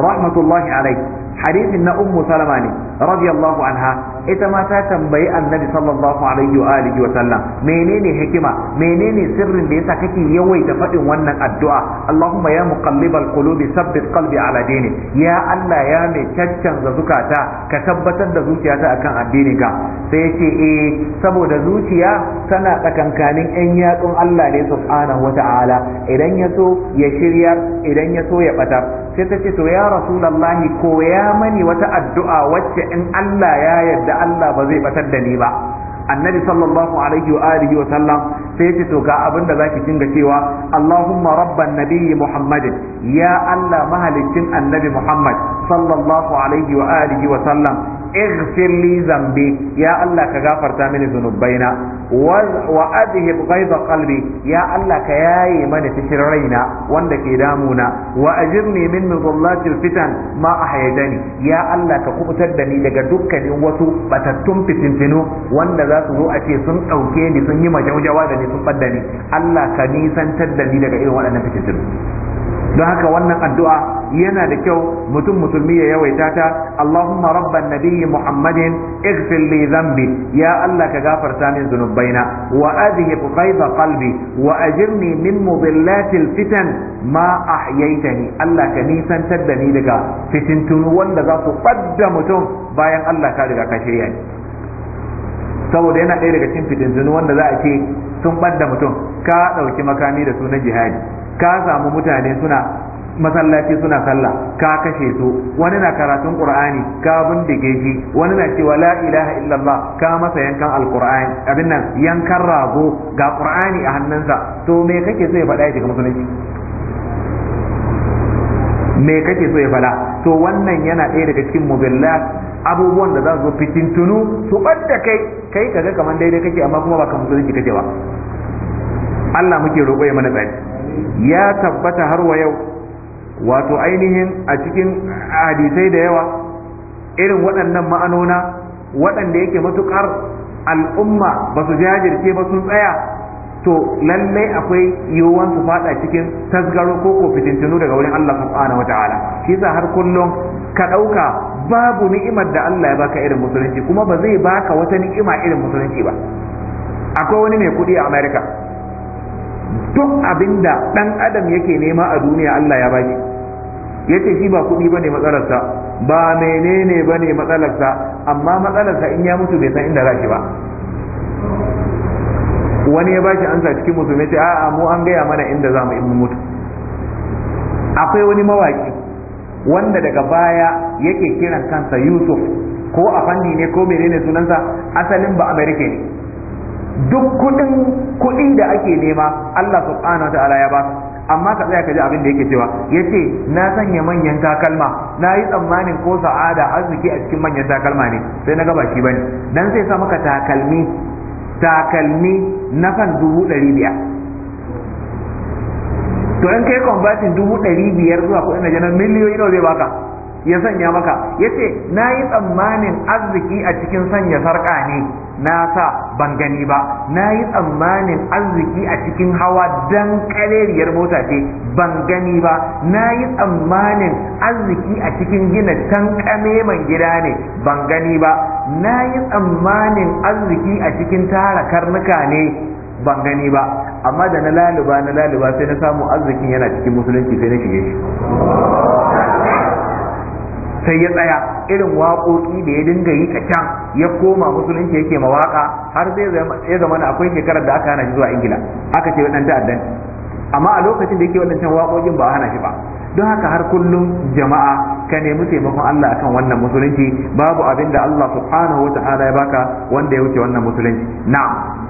rahmatullahi alai hadisin na ummu salama ne radiyallahu anha ita ma ta tambayi annabi sallallahu alaihi wa alihi wa sallam menene hikima menene sirrin da yasa kake yawaita faɗin wannan addu'a Allahumma ya muqallibal qulubi sabbit qalbi ala dini ya Allah ya mai caccanza zukata ka tabbatar da zuciyata akan addinin ka sai yace eh saboda zuciya tana tsakankanin yan yatsun Allah ne subhanahu idan ya so ya shirya idan ya so ya bata sai ta ce to ya rasulullahi ko ya mani wata addu'a wacce in Allah ya yarda Allah ba zai batar da ni ba annabi sallallahu alaihi wa alihi wa sallam sai yace to ga abin da zaki dinga cewa Allahumma rabban nabiyyi Muhammadin ya Allah mahalicin annabi Muhammad sallallahu alaihi wa alihi wa sallam اغفر لي ذنبي يا الله كغفرت من ذنوبينا وأذهب غيظ قلبي يا الله كياي من تشرينا وندك دامونا وأجرني من مظلات الفتن ما أحيدني يا الله كقبتر دني لك دكا وتو بتتم فتنتنو وند ذات ذو أتي سن أوكيني سن يما جوجوا دني سن بدني الله كنيسا تدني لك إيه وأنا فتنتنو don haka wannan addu'a yana da kyau mutum musulmi ya yawaita ta Allahumma rabban nabiyyi Muhammadin ighfir li dhanbi ya Allah ka gafarta min zunubaina wa adhhib ghaiba qalbi wa ajirni min mudillatil fitan ma ahyaitani Allah ka nisantar da ni daga fitintunu wanda za su fadda mutum bayan Allah ka riga ka shirya saboda yana ɗaya daga cikin fitintunu wanda za a ce sun ɓadda mutum ka ɗauki makami da sunan jihadi ka samu mutane suna masallaci suna sallah ka kashe su wani na karatun qur'ani ka bindige shi wani na cewa la ilaha illallah ka masa yankan alqur'ani abin nan yankan rago ga qur'ani a hannunsa to me kake so ya faɗa ya shiga musulunci me kake so ya fada to wannan yana ɗaya daga cikin mubilla abubuwan da za su zo fitintunu su ɓadda kai kai kaga kamar daidai kake amma kuma ba ka musulunci kake ba Allah muke roƙo ya mana tsari ya tabbata har wa yau wato ainihin a cikin hadisai da yawa irin waɗannan ma'anona waɗanda yake matuƙar al'umma ba su jajirce ba sun tsaya to lallai akwai yiwuwan su fada cikin tasgaro ko ko fitintinu daga wurin Allah subhanahu wataala shi yasa har kullum ka ɗauka babu ni'imar da Allah ya baka irin musulunci kuma ba zai baka wata ni'ima irin musulunci ba akwai wani mai kuɗi a America duk da ɗan adam yake nema a duniya Allah ya bashi yace shi ba kuɗi bane matsalarsa ba menene bane matsalarsa amma matsalarsa in ya mutu bai san inda za shi ba wani ya bashi ansa cikin musulmi ce a'a mu an gaya mana inda za mu in mutu akwai wani mawaki wanda daga baya yake kiran kansa yusuf ko a fanni ne ko menene sunansa asalin ba amerika ne duk kudin kudi da ake nema Allah subhanahu ta'ala ya ba amma ka tsaya ka ji abin da yake cewa yace na sanya manyan takalma na yi tsammanin ko sa'ada arziki a cikin manyan takalma ne sai na gaba shi bane dan sai sa maka takalmi takalmi na kan dubu ɗari biyar to in kai converting dubu ɗari biyar zuwa kuɗin na janar miliyoyi nawa zai baka ya sanya maka yace na yi tsammanin arziki a cikin sanya sarƙa ne na sa ban gani ba na yi tsammanin arziki a cikin hawa dan kareriyar mota ce ban gani ba na yi tsammanin arziki a cikin gina tankame man gida ne ban gani ba na yi tsammanin arziki a cikin tara karnuka ne ban gani ba amma da na laluba na laluba sai na samu arzikin yana cikin musulunci sai na shige shi sai ya tsaya irin waƙoƙi da ya dinga yi ta can ya koma musulunci yake mawaƙa har zai ya zama akwai shekarar da aka hana shi zuwa ingila aka ce waɗanda addan amma a lokacin da yake waɗancan waƙoƙin ba a hana shi ba don haka har kullum jama'a ka nemi taimakon Allah akan wannan musulunci babu abin da Allah subhanahu wa ta'ala ya baka wanda ya wuce wannan musulunci na'am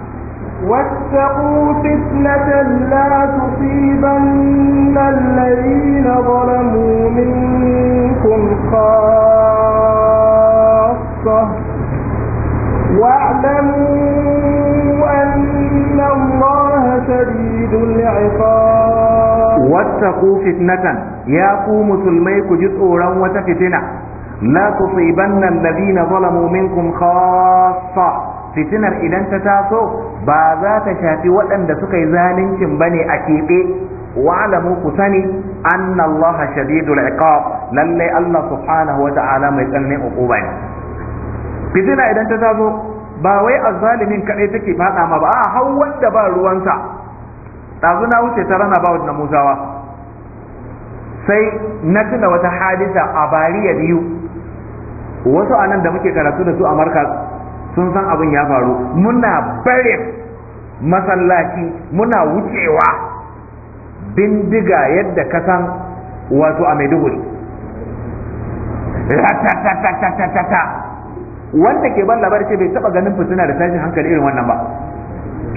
واتقوا فتنة لا تصيبن الذين ظلموا منكم خاصة واعلموا أن الله شديد العقاب واتقوا فتنة يا قوم سلميك جزء روة فتنة لا تصيبن الذين ظلموا منكم خاصة fitinar idan ta taso ba za ta shafi waɗanda suka yi a keɓe wa'lamu ku sani anna Allah shadidul iqab lalle Allah subhanahu wa ta'ala mai tsananin uquba ne fitina idan ta tazo ba wai azzalimin kadai take fada ma ba a hau wanda ba ruwansa dazu na wuce ta rana ba na muzawa sai na tuna wata hadisa a bariya biyu wasu anan da muke karatu da su a Marka sun san abin ya faru muna bare masallaci muna wucewa bindiga yadda ka san wato a maiduguri wanda ke ban labar ce bai taba ganin fitina da tashin hankali irin wannan ba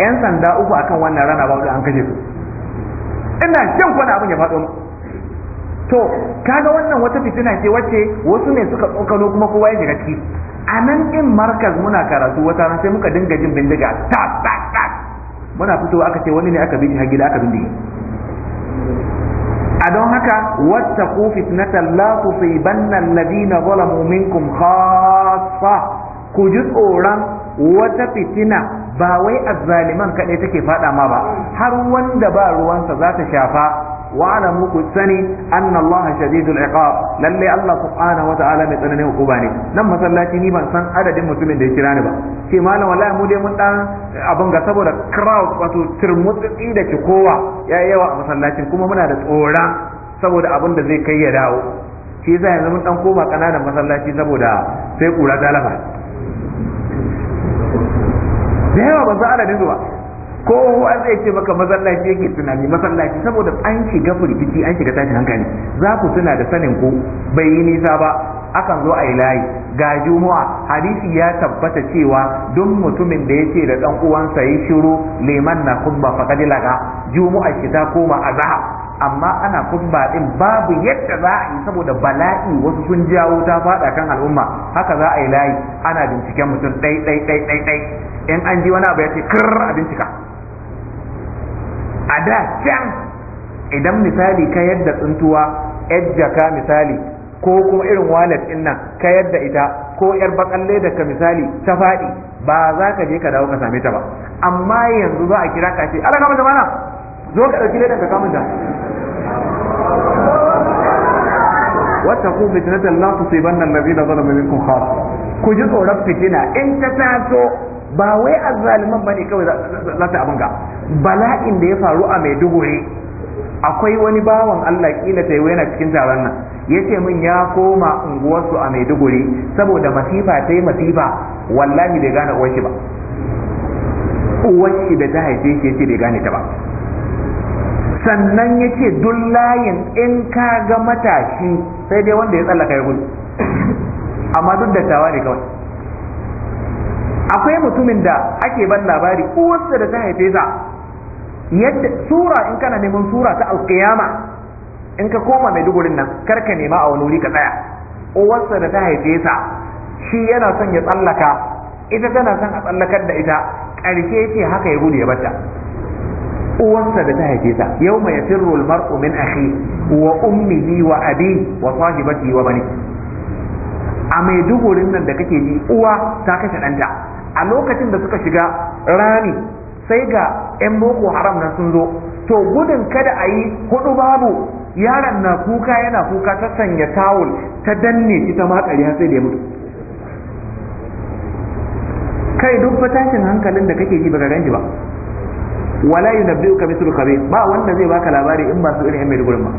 yan sanda uku akan wannan rana ba an kashe su ina shan wani abin ya faɗo to kaga wannan wata fitina ce wacce wasu ne suka tsokano kuma kowa ya shiga ciki a nan in markaz muna karatu wata ran sai muka dinga jin bindiga ta ta ta muna fitowa aka ce wani ne aka bi shi har gida aka bindige a don haka wattaqu fitnatan la tusibanna alladhina zalamu minkum khassa ku ji tsoron wata fitina ba wai azzaliman kaɗai take faɗa ma ba har wanda ba ruwansa za ta shafa wa'lamu muku sani anna Allah shadidul iqab lalle Allah subhanahu wa ta'ala mai tsananin hukuma ne nan masallaci ni ban san adadin mutumin da ya kira ni ba ce malam wallahi mu dai mun dan abin ga saboda crowd wato turmutsi da kowa ya yawa a masallacin kuma muna da tsora saboda abun da zai kai ya dawo shi yasa yanzu mun dan koma kananan masallaci saboda sai kura ta lafa da yawa ba za adadin su ba Ko kowa zai ce maka masallaci yake tunani masallaci saboda an shiga firgici an shiga tashin hankali za ku tuna da sanin ku bai yi nisa ba akan zo a yi layi ga juma'a hadisi ya tabbata cewa duk mutumin da ya ce da dan uwansa yi shiru liman na kubba faqad laga juma'a ki ta koma zaha amma ana kubba din babu yadda za a yi saboda bala'i wasu sun jawo ta fada kan al'umma haka za a yi layi ana binciken mutum ɗai ɗai ɗai ɗai in an ji wani abu ya ce kar a bincika a da can idan misali ka yadda tsuntuwa yadda ka misali ko kuma irin walet din nan ka yadda ita ko yar bakalle da ka misali ta faɗi ba za ka je ka dawo ka same ta ba amma yanzu za a kira ka ce Allah kama da mana zo ka dauki ledan ka kama ta wattaqu fitnatan la tusibanna alladhina zalamu minkum khassa ku ji tsoron fitina in ta taso ba wai azzaliman bane kawai za ta abin ga bala'in da ya faru a maiduguri akwai wani bawan Allah kila ta yana cikin taron nan ya ce min ya koma unguwarsu a maiduguri saboda masifa ta yi masifa wallahi bai gane uwan shi ba Uwan shi da ta haife shi yace bai gane ta ba sannan ya ce duk layin in ka ga matashi sai dai wanda ya tsallaka ya gudu amma duk da tawa ne kawai akwai mutumin da ake ban labari uwarsa da ta haife sa yadda sura in kana neman sura ta alkiyama in ka koma mai dugurin nan kar ka nema a wani wuri ka tsaya uwarsa da ta haife sa shi yana son ya tsallaka ita tana son a tsallakar da ita ƙarshe ce haka ya gudu ya bata uwarsa da ta haife sa yau mai yafirru mar'u min akhi wa ummihi wa abi wa sahibati wa bani a mai dugurin nan da kake ji uwa ta kashe ɗanta a lokacin da suka shiga rani sai ga 'yan boko haram nan sun zo to gudun kada a yi hudu babu yaron na kuka yana kuka ta sanya tawul ta danne shi ta makari har sai da ya mutu kai duk fatashin hankalin da kake ji ba baka ji ba wala yunabbi'uka mithlu khabir ba wanda zai baka labari in ba su irin mai gurin ba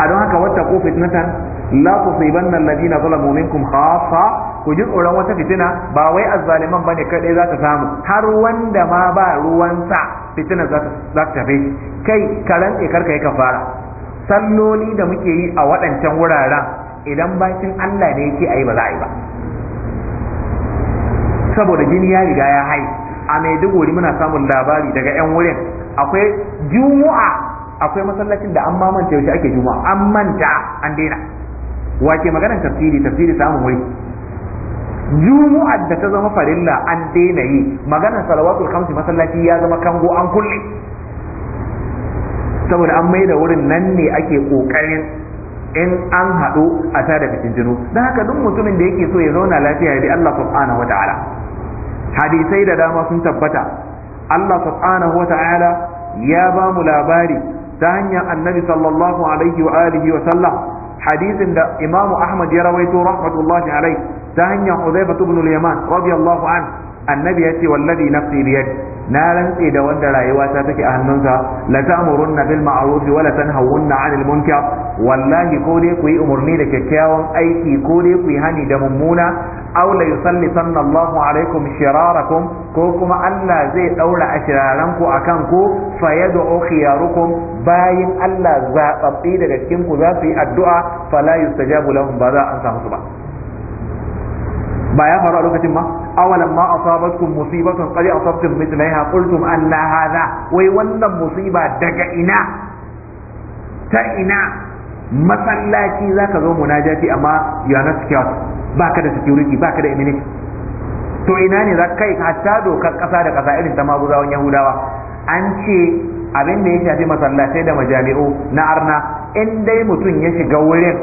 a don haka wata ko fitnatan la tusibanna alladhina zalamu minkum ku ji tsoron wata fitina ba wai azzaliman bane kadai za ta samu har wanda ma ba ruwansa fitina za ta tafi kai karan tsekar ka yi fara. salloli da muke yi a waɗancan wuraren idan bakin Allah ne yake ayi ba za a yi ba saboda jini ya riga ya hai a mai dugori muna samun labari daga 'yan wurin akwai juma'a akwai masallacin da an mamanta yaushe ake juma'a an manta an daina wace maganar tafsiri tafsiri samun wuri jumu'ar da ta zama farilla an daina yi maganar salawatu khamsi masallaci ya zama kango an kulle saboda an mai da wurin nan ne ake kokarin in an haɗu a da bikin jino don haka duk mutumin da yake so ya zauna lafiya ya bi Allah subhanahu hadisai da dama sun tabbata Allah subhanahu ya ba mu labari ta hanyar annabi sallallahu alaihi wa alihi wa sallam hadisin da imamu ahmad ya rawaito rahmatullahi alaihi ta hanyar Uzaifa ibn al-Yaman radiyallahu an annabi yace wallazi nafsi bi yadi na rantse da wanda rayuwa ta take a hannunsa la ta'murunna bil ma'ruf wa la tanhawunna 'anil munkar wallahi ko dai ku yi umarni da kyakkyawan aiki ko dai ku yi hani da mummuna aw la yusallitanna Allahu alaikum shirarakum ko kuma Allah zai daura ashiraran ku akan ku fayad'u khiyarukum bayin Allah zababbi daga cikin ku za su yi addu'a fala yustajabu lahum ba za a samu su ba ba ya faru a lokacin ma awalan ma asabatkum musibatan qad asabtum mithlaha qultum anna hadha wai wannan musiba daga ina ta ina masallaci zaka zo munajati amma ya na not Ba baka da security baka da immunity to ina ne za kai hatta dokar kasa da kasa irin ta maguzawan yahudawa an ce abin da ya shafi masallatai da majami'u na arna in dai mutum ya shiga wurin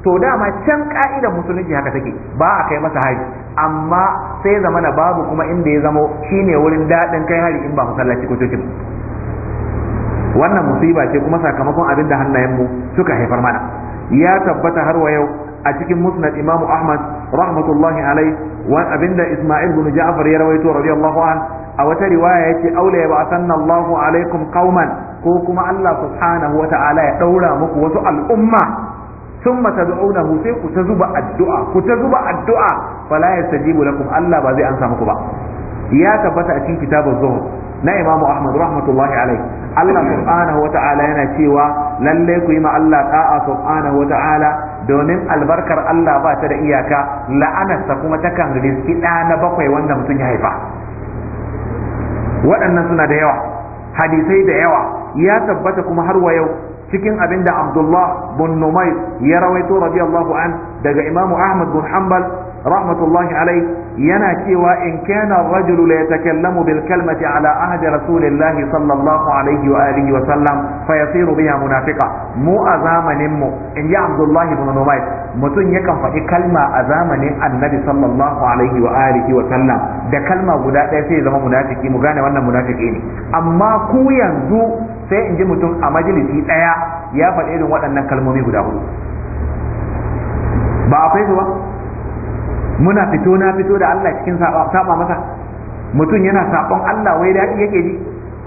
to dama can ka'idar musulunci haka take ba a kai masa haji amma sai zama na babu kuma inda ya zamo shine wurin daɗin kai hari in ba masallaci ko cikin wannan musiba ce kuma sakamakon abin da mu suka haifar mana ya tabbata har wa yau a cikin musnad imamu ahmad rahmatullahi alai wa abinda isma'il bin ja'far ya rawaito radiyallahu an a wata riwaya yace aula ya ba Allahu alaikum qauman ko kuma Allah subhanahu wa ta'ala ya daura muku wasu al'umma ثم تدعونه sai ku ta zuba addu'a ku ta zuba addu'a fala kuma Allah ba zai ansa muku ba ya tabbata a cikin kitabun zuhur na Imam Ahmad rahmatullahi alai Allah subhanahu yana cewa lallai ku yi ma Allah ta'a subhanahu domin albarkar Allah ba ta da iyaka la'anarsa kuma takan riski ɗa na bakwai wanda mutum ya haifa waɗannan suna da yawa hadisai da yawa ya tabbata kuma har wa yau cikin abin da Abdullah bin Numayr ya rawaito radiyallahu an daga Imam Ahmad bin Hanbal rahmatullahi alai yana cewa in kana ar-rajulu la yatakallamu bil kalmati ala ahdi rasulillah sallallahu alaihi wa alihi wa sallam fa yasiru biha munafiqa mu a zamanin mu in ji Abdullah bin Numayr mutum yakan faɗi kalma a zamanin annabi sallallahu alaihi wa alihi wa sallam da kalma guda ɗaya sai ya zama munafiki mu gane wannan munafiki ne amma ku yanzu sai in ji mutum a majalisi ɗaya ya faɗi irin waɗannan kalmomi guda hudu ba akwai su ba muna fito na fito da Allah cikin saba masa mutum yana sabon Allah wai daɗi yake ji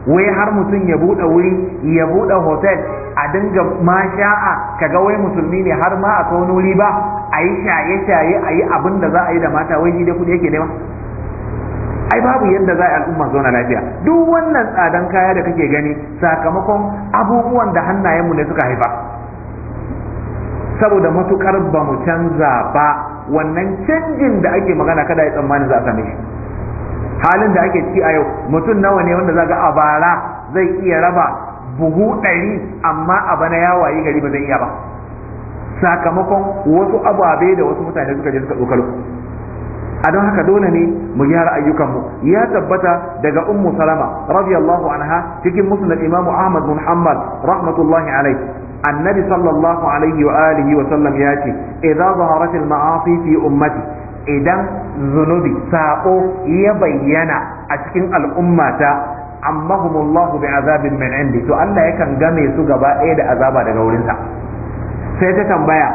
wai har mutum ya buɗe wuri ya buɗe hotel a dinga masha'a kaga wai musulmi ne har ma a tsawon wuri ba a yi shaye-shaye a yi abin da za a yi da mata wai ji da kuɗi yake nema ai babu yadda za a al'umma zauna lafiya duk wannan tsadan kaya da kake gani sakamakon abubuwan da hannayenmu ne suka haifa saboda matukar ba mu canza ba wannan canjin da ake magana kada ya tsammani za a same shi halin da ake ciki a yau mutum nawa ne wanda za ga a bara zai iya raba buhu ɗari amma a bana ya wayi gari ba zai iya ba sakamakon wasu ababe da wasu mutane suka je suka tsokalo a don haka dole ne mu gyara ayyukanmu ya tabbata daga ummu salama radiyallahu anha cikin musnad imamu ahmad muhammad hanbal rahmatullahi annabi sallallahu alaihi wa alihi wa sallam ya ce idza zaharat al ma'asi fi ummati idan zunubi sako ya bayyana a cikin al'ummata ammahumullahu bi azabin min indi to Allah yakan game su gaba ɗaya da azaba daga wurinsa sai ta tambaya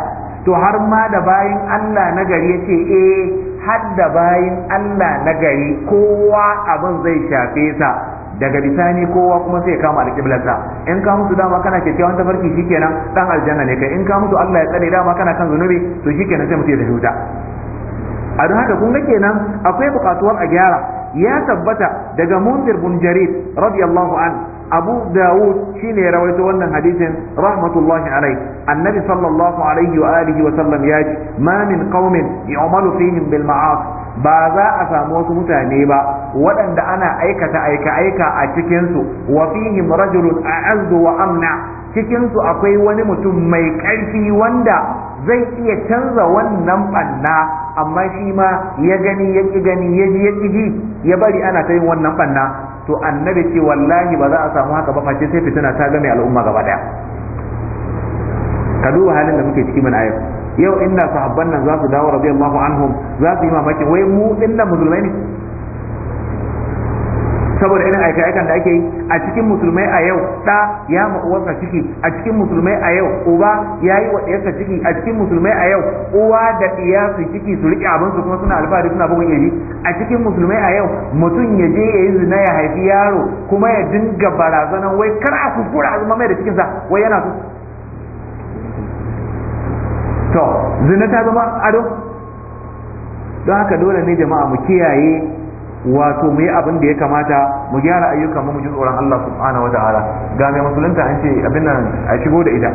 to har ma da bayan Allah na gari yace eh hadda bayin Allah na gari kowa abin zai shafe sa daga bisani kowa kuma sai ya kama alƙiblarsa in ka musu dama kana kyakkyawan tafarki shikenan dan aljanna ne kai in ka musu Allah ya tsare dama kana kan zunubi to shikenan sai mutu ya tafi wuta a don haka kun ga kenan akwai bukatuwar a gyara ya tabbata daga munzir bin jarir radiyallahu an abu dawud shine ya rawaito wannan hadisin rahmatullahi alai annabi sallallahu alaihi wa alihi wa sallam ya ce ma min qaumin yu'malu fihim bil ma'as ba za a samu wasu mutane ba waɗanda ana aikata aika aika a cikin su wa fihim rajulun a'azzu wa amna cikin su akwai wani mutum mai ƙarfi wanda zai iya canza wannan banna amma shi ma ya gani ya ƙi gani ya ji ya ji ya bari ana ta yin wannan banna to annabi ce wallahi ba za a samu haka ba face sai fitina ta game al'umma gaba daya ka duba halin da muke ciki mana ayyuka yau inda sahabban nan za su dawo radiyallahu anhum za su yi mamaki wai mu dinnan musulmai ne saboda irin aika aikan da ake yi a cikin musulmai a yau da ya ma uwarsa ciki a cikin musulmai a yau uba ya yi wa ɗiyarsa ciki a cikin musulmai a yau uwa da ɗiya su ciki su riƙe abin su kuma suna alfahari suna bugun yaji a cikin musulmai a yau mutum ya je ya yi zina ya haifi yaro kuma ya dinga barazanan wai kar a kuskura fura mai da cikinsa wai yana so to zina ta zama ado don haka dole ne jama'a mu kiyaye wato mu yi abin da ya kamata mu gyara ayyukan mu ji tsoron Allah subhanahu wa ta'ala ga mai musulunta an ce abin nan a shigo da ita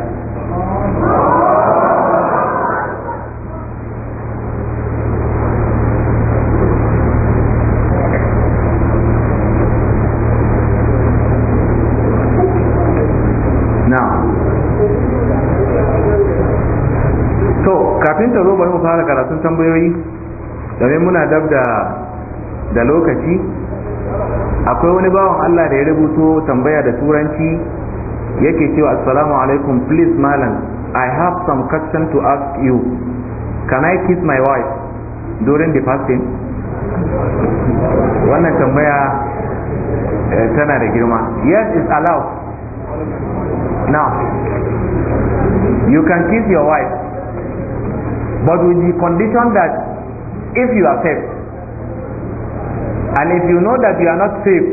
kafin ta zo bari mu fara karatun tambayoyi domin muna dab da da lokaci akwai wani bawan Allah da ya rubuto tambaya da turanci yake cewa assalamu alaikum please malam i have some question to ask you can i kiss my wife during the fasting wannan tambaya eh, tana da girma yes it's allowed now you can kiss your wife but with the condition that if you accept And if you know that you are not safe,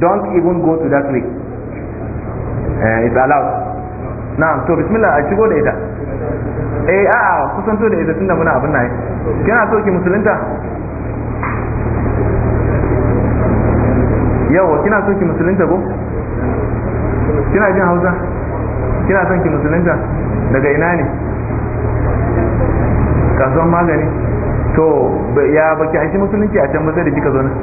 don't even go to that way. Uh, eh, it's allowed. Now, to bismillah a shigo da ita. Eh kusan to da ita tunda muna abin nan. Kina so ki musulunta? Yawa, kina so ki musulunta ko? Kina jin Hausa? Kina son ki musulunta? Daga ina ne? Kasuwan magani? to ya baki aishi musulunci a can ba da kika zo nan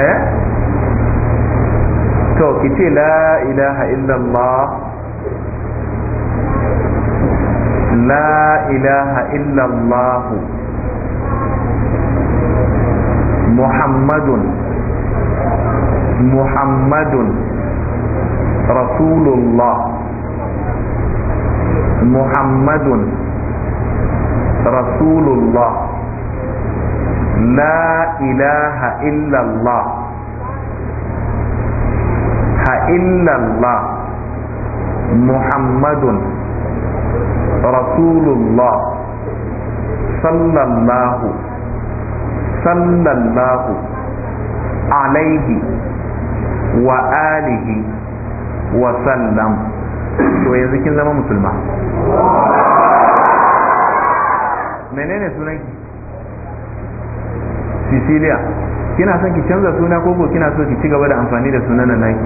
eh to ki ce la ilaha illallah la ilaha illallah muhammadun muhammadun rasulullah muhammadun rasulullah la ilaha illallah ha illallah muhammadun rasulullah sallallahu sallallahu alaihi wa'alihi alihi wa sallam to yanzu kin zama musulma menene sunanki cecilia kina son ki canza suna koko kina so ki ci gaba da amfani da sunan nan naki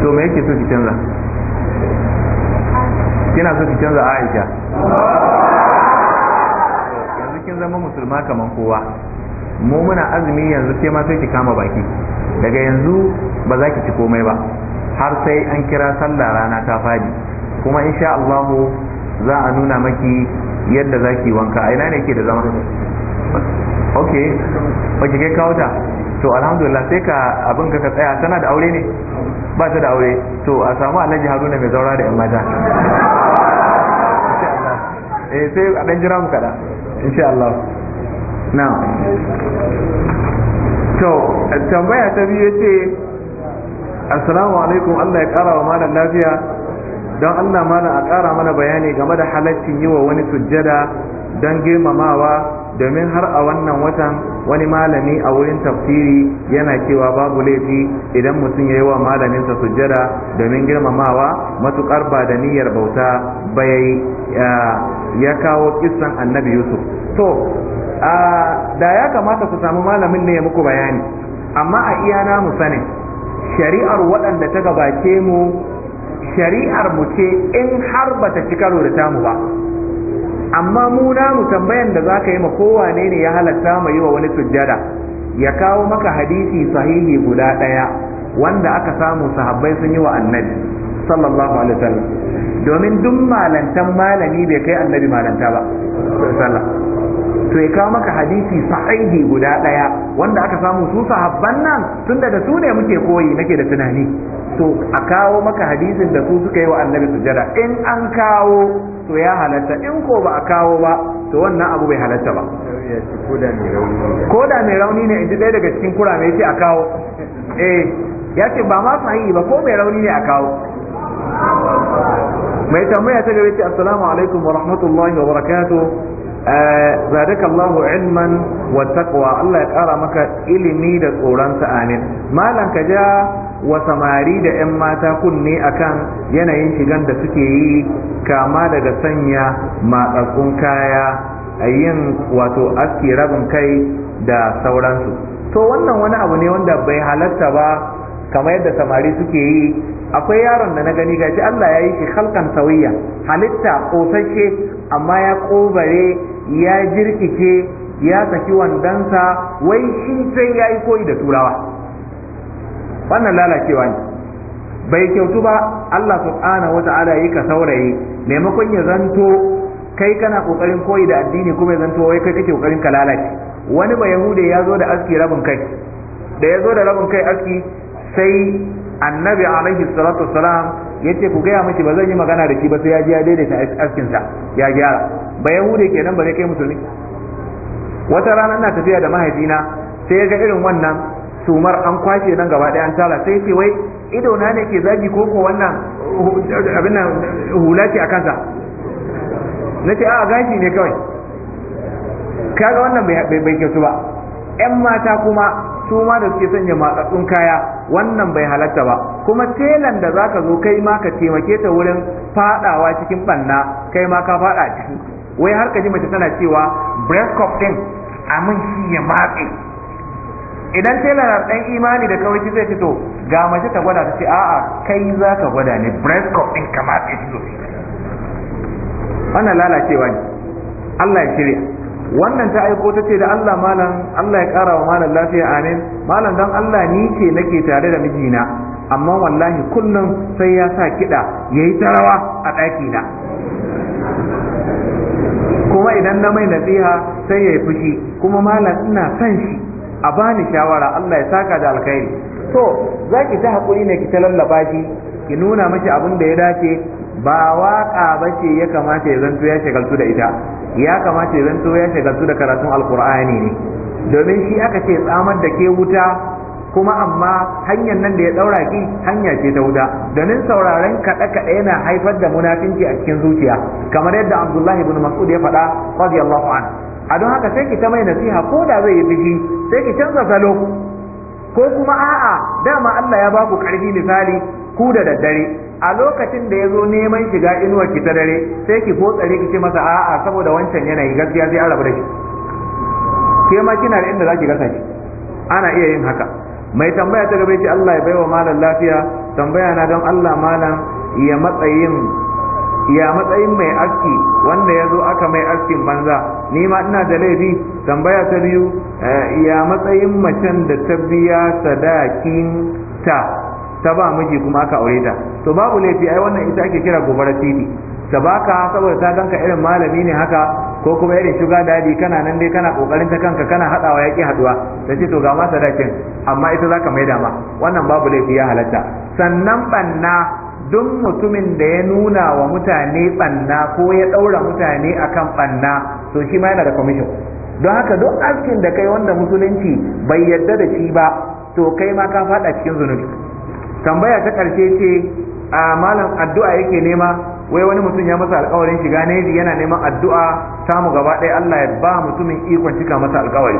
to me yake so ki canza kina so ki canza aisha yanzu kin zama musulma kaman kowa mu muna azumi yanzu sai ma sai ki kama baki daga yanzu ba za ki ci komai ba har sai an kira sallah rana ta fadi kuma insha Allahu za a nuna maki yadda za ki wanka a ina ne ke da zama ok ba ke kai kawo ta to alhamdulillah sai ka abin ka tsaya tana da aure ne ba ta da aure to a samu alhaji haruna mai zaura da yan mata eh sai a dan jira mu kada insha Allah now to tambaya ta biyu ce assalamu alaikum Allah ya kara wa malam lafiya don Allah malam a ƙara mana bayani game da halaccin yi wa wani sujjada don girmamawa domin har a wannan watan wani malami a wurin tafsiri yana cewa babu laifi idan mutum ya yi wa malaminsa sujjada domin girmamawa matuƙar ba da niyyar bauta ba ya kawo kissan annabi yusuf to da ya kamata ku samu malamin ne ya muku bayani amma a iya namu sanin shari'ar waɗanda ta gabace mu shari'ar mu ce in har ba ta ci karo da tamu ba amma mu mu tambayan da ka yi ma kowane ne ya halatta mu yi wa wani sujjada ya kawo maka hadisi sahihi guda ɗaya wanda aka samu sahabbai sun yi wa annabi sallallahu alaihi wasallam domin duk malantan malami bai kai annabi malanta ba sallallahu to ya kawo maka hadisi sahihi guda ɗaya wanda aka samu su sahabban nan tun da su ne muke koyi nake da tunani to a kawo maka hadisin da su suka yi wa annabi sujada in an kawo to ya halatta in ko ba a kawo ba to wannan abu bai halatta ba ko da mai rauni ne in ji ɗaya daga cikin kura mai ce a kawo eh ya ce ba ma sahihi ba ko mai rauni ne a kawo mai tambaya ta gaba ce assalamu alaikum wa rahmatullahi wa barakatuh zadaka eh, Allah ilman wa taqwa Allah ya kara maka ilimi da tsoron sa amin malan ka ja wa samari da yan mata kunne akan yanayin shigan da suke yi kama daga sanya matsatsun kaya a yin wato aski rabin kai da sauransu to wannan wani abu ne wanda bai halarta ba kamar yadda samari suke yi akwai yaron da na gani gashi Allah ya yi shi halkan sauya halitta kosashe amma ya kobare ya jirkice ya saki wandansa wai shi sai ya yi koyi da turawa wannan lalacewa ne bai kyautu ba Allah subhanahu wa ta'ala yi ka saurayi maimakon ya zanto kai kana kokarin koyi da addini kuma ya zanto wai kai kake kokarin ka lalace wani ba yahude ya zo da aski rabin kai da ya zo da rabin kai aski sai annabi alaihi salatu wassalam Ya ce ku gaya miki ba zan yi magana da shi ba sai ya ji ya daidaita askin sa ya gyara ba yahude kenan ba kai musulmi wata rana ina tafiya da mahaifina sai ya ga irin wannan sumar an kwashe nan gaba ɗaya an tala sai ce wai ido na ne ke zagi ko ko wannan abin nan hula ce a kansa nace a gashi ne kawai kaga wannan bai kyautu ba 'yan mata kuma su ma da suke sanya matsatsun kaya wannan bai halatta ba kuma telan da zaka zo kai ma ka taimake ta wurin fadawa cikin banna kai ma ka fada ciki wai har ka ji mace tana cewa breast cup din amin shi ya matse idan telan na dan imani da kawai zai fito ga mace ta gwada ta ce a'a kai zaka gwada ne breast cup din ka matse shi wannan lalacewa ne Allah ya shirya wannan ta aiko ta ce da Allah malam Allah ya kara wa malam lafiya amin malam dan Allah ni ce nake tare da mijina amma wallahi kullum sai ya sa kiɗa ya yi tarawa a na kuma idan na mai nasiha sai yayi fushi kuma malam ina san shi a bani shawara Allah ya saka da alkhairi to zaki ta hakuri ne ki ta lallaba shi ki nuna mashi abin da ya dace ba waƙa ba ce ya kamata ya zanto ya shagaltu da ita ya kamata ya zanto ya su da karatun alkur'ani ne domin shi aka ce tsamar da ke wuta kuma amma hanyar nan da ya daura ki hanya ce ta wuta domin sauraren kaɗe kaɗe yana haifar da munafinci a cikin zuciya kamar yadda abdullahi ibn mas'ud ya faɗa radiyallahu an a don haka sai ki ta mai nasiha ko da zai yi fushi sai ki canza salo ko kuma a'a dama Allah ya ba ku ƙarfi misali ku da daddare a lokacin da ya zo neman shiga inuwar ki ta dare sai ki tsare ki ce masa a'a saboda wancan yanayi gaskiya sai araba da shi ke ma kina da inda zaki gasa shi ana iya yin haka mai tambaya ta gaba ce Allah ya baiwa malam lafiya tambaya na don Allah malam ya matsayin ya matsayin mai aski wanda ya zo aka mai askin banza ni ma ina da laifi tambaya ta biyu eh, ya matsayin macen da ta biya sadakin ta ta ba miji kuma aka aure ta to babu laifi ai wannan ita ake kira gobara titi ta baka saboda ta ganka irin malami ne haka ko kuma irin shuga dadi kana nan dai kana kokarin ta kanka kana hadawa yaki haduwa ta ce to ga ma sadakin amma ita zaka maida ma wannan babu laifi ya halatta sannan banna duk mutumin da ya nuna wa mutane banna ko ya daura mutane akan banna to shi ma yana da commission don haka duk askin da kai wanda musulunci bai yadda da shi ba to kai ma ka fada cikin zunubi tambaya ta karshe ce a malam addu'a yake nema wai wani mutum ya masa alkawarin shiga neji yana neman addu'a samu gaba ɗaya Allah ya ba mutumin ikon cika masa alkawari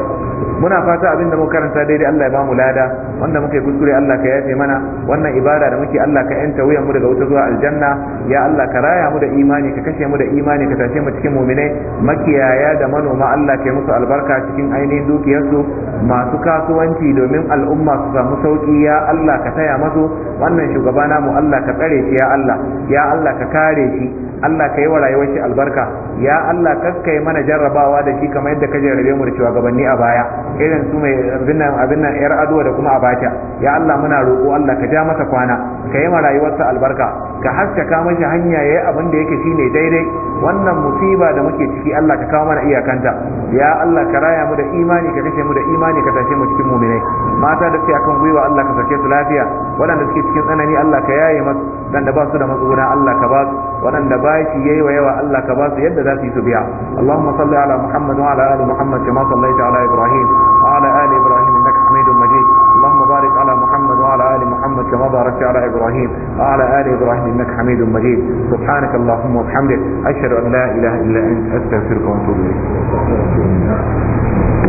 muna fata abin da muka karanta daidai Allah ya ba mu lada wanda muka yi kuskure Allah ka yafe mana wannan ibada da muke Allah ka yanta wuyan mu daga wuta zuwa aljanna ya Allah ka raya mu da imani ka kashe mu da imani ka tashe mu cikin mu'minai makiyaya da manoma Allah ka yi musu albarka cikin ainihin dukiyarsu masu kasuwanci domin al'umma su samu sauki ya Allah ka taya masu wannan shugaba mu Allah ka tsare shi ya Allah ya Allah ka kare kare shi Allah ka yi wa rayuwar shi albarka ya Allah kakkai mana jarrabawa da shi kamar yadda ka jarrabe mu da shugabanni a baya irin su mai abin abin nan yar aduwa da kuma abacha ya Allah muna roƙo Allah ka ja masa kwana ka yi ma rayuwarsa albarka ka haskaka mashi hanya yayi abin da yake shine daidai wannan musiba da muke ciki Allah ka kawo mana iyakanta ya Allah ka raya mu da imani ka kashe mu da imani ka tashe mu cikin mu'minai mata da suke akan gwiwa Allah ka sake su lafiya waɗanda suke cikin tsanani Allah ka yaye masu waɗanda ba su da matsuguna Allah ka ba su waɗanda ba bashi yayi wa yawa Allah ka ba su yadda za su yi su biya Allahumma salli ala Muhammad wa ala ali Muhammad kama sallaita ala Ibrahim wa ala ali Ibrahim innaka Hamidum Majid Allahumma barik ala Muhammad wa ala ali Muhammad kama barakta ala Ibrahim wa ala ali Ibrahim innaka Hamidum Majid subhanaka Allahumma wa bihamdik ashhadu an la ilaha illa anta astaghfiruka wa atubu ilayk